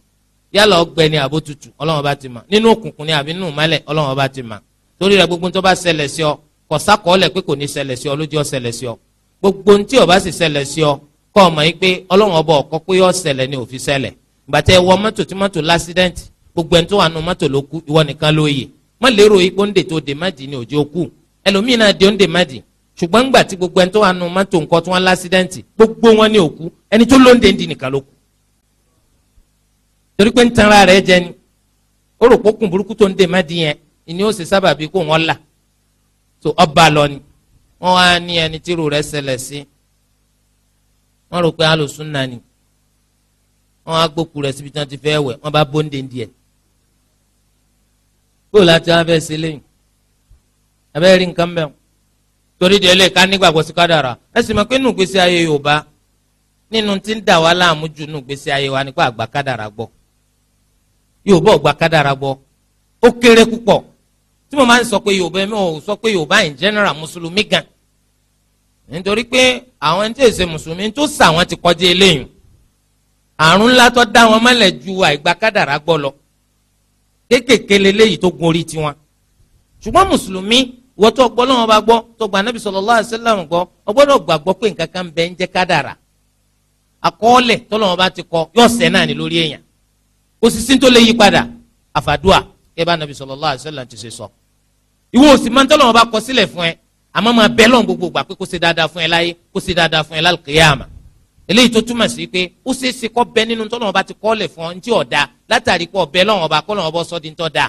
yálà ọgbẹ ni àbó tutù ọlọ́run ọba ti mà nínú òkùnkùn ni àbí nínú mọ́lẹ̀ ọlọ́run ọba ti mà torí rẹ̀ gbogbo tó bá ṣẹlẹ̀ sí ọ kò sákọọ́lẹ̀ pé kò ní ṣẹlẹ̀ sí ọ lójú ọ ṣẹlẹ̀ sí ọ gbogbo tí ó bá sì ṣẹlẹ̀ sí ọ kọ́ ọ mọ̀ yín pé ọlọ́run ọba ọ̀kọ́ pé ó ṣẹlẹ̀ ni òfin ṣẹlẹ̀ gbàtẹ́ wọ mọ́tò tí mọ́tò lásídẹ́ǹtì gbogbo ẹni tó wà nù mọ́tò ló kú ìwọ nìkan ló yè má lérò ipò ń dè tó dè má dì òjò kù ẹlòmíín náà ó ń dè ṣùgbọ́n ńgbà tí gbogbo ẹni tó wà nù mọ́tò nǹkan tí wọ́n lásídẹ́ǹtì gbogbo wọn ní òkú ẹni tó lóńdè ń di nìkan ló kù torí pé ń tanra rẹ̀ jẹ ni ó rò pókùn burúkú tó ń dè má di yẹn ìní ó sì sábà bíi kó wọn là tó ọba lọ ni wọn wá ní ẹni tí irú rẹ̀ ṣẹlẹ̀ sí wọn rò pé alùsùn náà ni wọn á gbókù rẹ̀ síbi tí wọn ti fẹ́ wẹ̀ wọn bá bóńdè ń di ẹ̀ bó láti wá fẹ́ ṣe lẹ́yìn torí de ẹlẹ́ka nígbàgbọ́ sí kádàrà ẹ sì mọ̀ pé nù gbèsè ayé Yorùbá nínú tí ń dà wá láàmú ju nù gbèsè ayé wa nípa àgbà kádàrà gbọ́ Yorùbá ò gbà kádàrà gbọ́ ó kéré púpọ̀ tí mo máa ń sọ pé Yorùbá mi ò sọ pé Yorùbá in general mùsùlùmí gan nítorí pé àwọn ẹni tí èsè mùsùlùmí tó sà wọn ti kọjá eléyìí àrùn ńlá tó dá wọn mọ́lẹ̀ ju àìgbà kádàrà gbọ́ lọ kéékèèké wọ́n tó gbọ́ lọ́wọ́ bá gbọ́ tó gba anabi sallallahu alaihi wasallam gbọ́ ọ gbọ́dọ̀ gbàgbọ́ pé nǹkan kan bẹ́ẹ̀ ń jẹ́ kádàrà àkọọ́lẹ̀ tọ́lọ́wọ́ bá ti kọ yóò sẹ́ náà ní lórí èèyàn kò tó lè yí padà àfàdúà kẹ́ bá anabi sallallahu alaihi wasallam ti ṣe sọ. ìwọ òsì máa ń tọ́lọ́wọ́ bá kọ sílẹ̀ fún ẹ àmọ́ máa bẹ́ lọ́n gbogbo gbà pé kó ṣe dáadáa fún ẹ láyé kó ṣe dáadáa fún ẹ lálùkìyàmà eléyìí tó túmọ̀ sí pé ó ṣeé ṣe da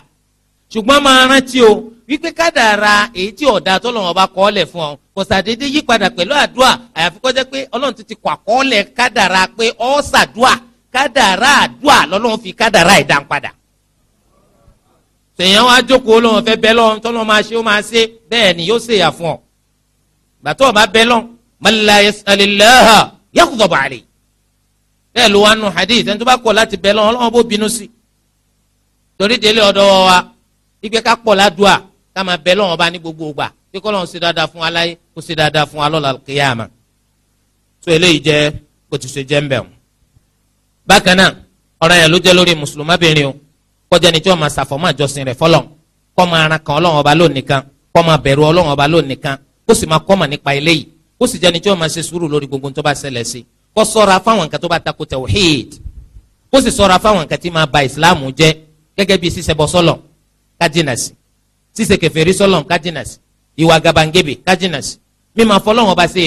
ṣùgbọ́n máa rántí o wípé kádàrà èyí tí ọ̀dà tọ́lọ́wọ́n bá kọ́ lẹ̀ fún ọ kò sàdédé yí padà pẹ̀lú àdúà àyàfi kọjá pé ọlọ́run ti ti kọ́ àkọọ́lẹ̀ kádàrà pé ọ́ sàdúà kádàrà àdúà lọ́lọ́run fi kádàrà ẹ̀ dán padà. tèèyàn wá jókòó lọ́wọ́n fẹ́ bẹ́ lọ́wọ́n tọ́lọ́wọ́n máa ṣe ó máa ṣe bẹ́ẹ̀ ni yóò ṣèyà fún ọ. bàtọ́ ọba bẹ́ lọ́n mọ́lá yasalilaha yakudọ̀bọ àlè bẹ́ẹ̀ hadith ẹni tó bá kọ̀ láti bẹ́ lọ́wọ́n ọlọ́wọ́n ìgbẹ́ ká pọ̀ ládùá ká máa bẹ lọ́wọ́n bá ní gbogbo ìgbà pé kọ́ lọ́wọ́n ṣe dáadáa fún aláyé kó ṣe dáadáa fún alọ́la kéyàmà tó eléyìí jẹ́ kó ti ṣe jẹ́ ń bẹ̀ wọ́n. bákan náà ọ̀rọ̀ yẹn ló jẹ́ lórí mùsùlùmábìnrin o kọjá ni tí wọ́n máa ṣàfọ̀mọ́ àjọsìn rẹ̀ fọlọ́n kó máa ran kan ọlọ́wọ́n ọba lónìkan kó máa bẹ̀rù ọlọ́wọ́n ọba lónìkan bá ṣẹlẹ̀ sí kó sì máa ba ìsìláàmù jẹ́ gẹ́gẹ́ bí kájínà sí ṣíṣe kèfèrí sọ́lọ̀ kájínà sí ìwà gabangebe kájínà sí mímà fọlọ́wọn ọba sí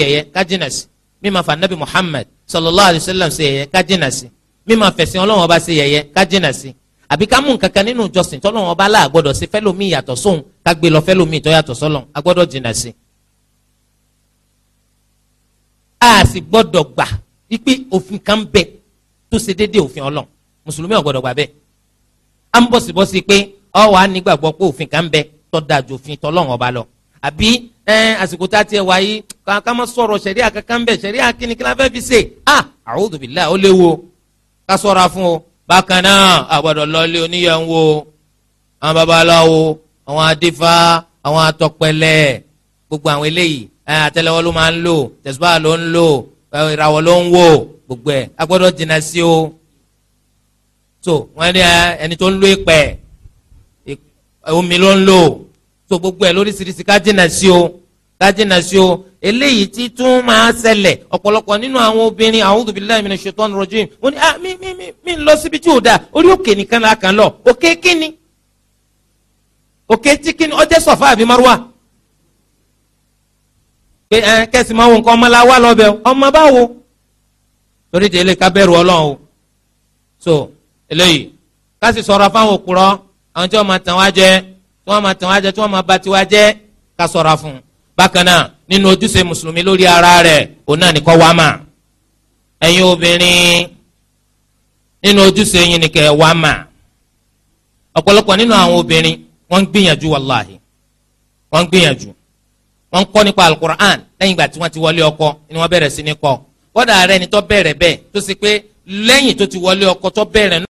mímà fanabi Muhammad sallallahu alayhi wa sallam ṣe yẹ̀yẹ́ kájínà sí mímà fẹ̀sìn ọlọ́wọn ọba ṣe yẹ̀yẹ́ kájínà sí àbí ká mú nǹkankan nínú ìjọsìn tọ́lọ́wọn ọba aláàgbọ́dọ̀ sí fẹ́lómi yàtọ̀ sóhun ká lọ fẹ́lómi tó yàtọ̀ sọ́lọ̀ jìnà sí. a sì gbọ́dọ̀ gbà ipe òfin kan bẹ tó ṣe déédéé òfin ọlọ́ mùsùlùmí ò gbà bẹ́ẹ̀ à ń bọ̀sibọ́sí pé ọ wàá nígbàgbọ́ pé òfin kan bẹ tó dáa ju òfin tọ́lọ́run ọba lọ àbí ẹ àsìkò tá a tiẹ̀ wáyé ká má sọ̀rọ̀ sẹ̀ríà kankan bẹ̀ sẹ̀ríà kíni kí la fẹ́ fi ṣe à a'udhu billahi ó léwu ká sọ̀ra fún o bákan náà àgbàdo lọ́ọ́lé oníyẹn wo àwọn babaláwo àwọn adífá àwọn atọ́pẹlẹ gbogbo àwọn eléyìí àtẹ́lẹwọ́ ló máa ń lò tẹ̀síwá ló ń lò ìràwọ̀ ló ń wò gbogbo ẹ̀ agbọ́dọ̀ dènà sí o tó wọ́n ní ẹni tó ń lo ìpẹ́ omi ló ń lò tó gbogbo ẹ̀ lóríṣiríṣi ká jìnnà sí o ká jìnnà sí o eléyìí tí tún máa ṣẹlẹ̀ ọ̀pọ̀lọpọ̀ nínú àwọn obìnrin a'udhu billahi minash shaitani rajim wọ́n ní ah mi mi mi mi ń lọ síbi tí ò dáa orí òkè nìkan la kàn lọ òkè kíni òkè tí kíni ọjẹ́ sọ̀fà àbí márùwà pé ẹ kẹsì máa wo nǹkan ọmọ la lọ́bẹ̀ ọmọ bá wo torí délé ká bẹ̀rù ọlọ́run o so eléyìí ká sì sọ̀rọ̀ fáwọn òkúrọ̀ àwọn tí wọ́n máa tàn wá jẹ tí wọ́n máa tàn wá jẹ tí wọ́n máa bà tiwa jẹ́ ká ṣọ́ra fún un bákan náà nínú ojúṣe mùsùlùmí lórí ara rẹ̀ òun náà ní kó wá mà ẹ̀yin obìnrin nínú ojúṣe yín ni kẹ́ wá mà ọ̀pọ̀lọpọ̀ nínú àwọn obìnrin wọ́n ń gbìyànjú wàláhì wọ́n ń gbìyànjú wọ́n ń kọ́ nípa alukur'an lẹ́yìn ìgbà tí wọ́n ti wọlé ọkọ ni wọ́n bẹ̀rẹ̀ sí ní kọ́ kọ́dà rẹ̀ ni tó bẹ̀rẹ̀ bẹ́ẹ̀ tó sì pé lẹ́yìn tó ti wọlé ọkọ tó bẹ̀rẹ̀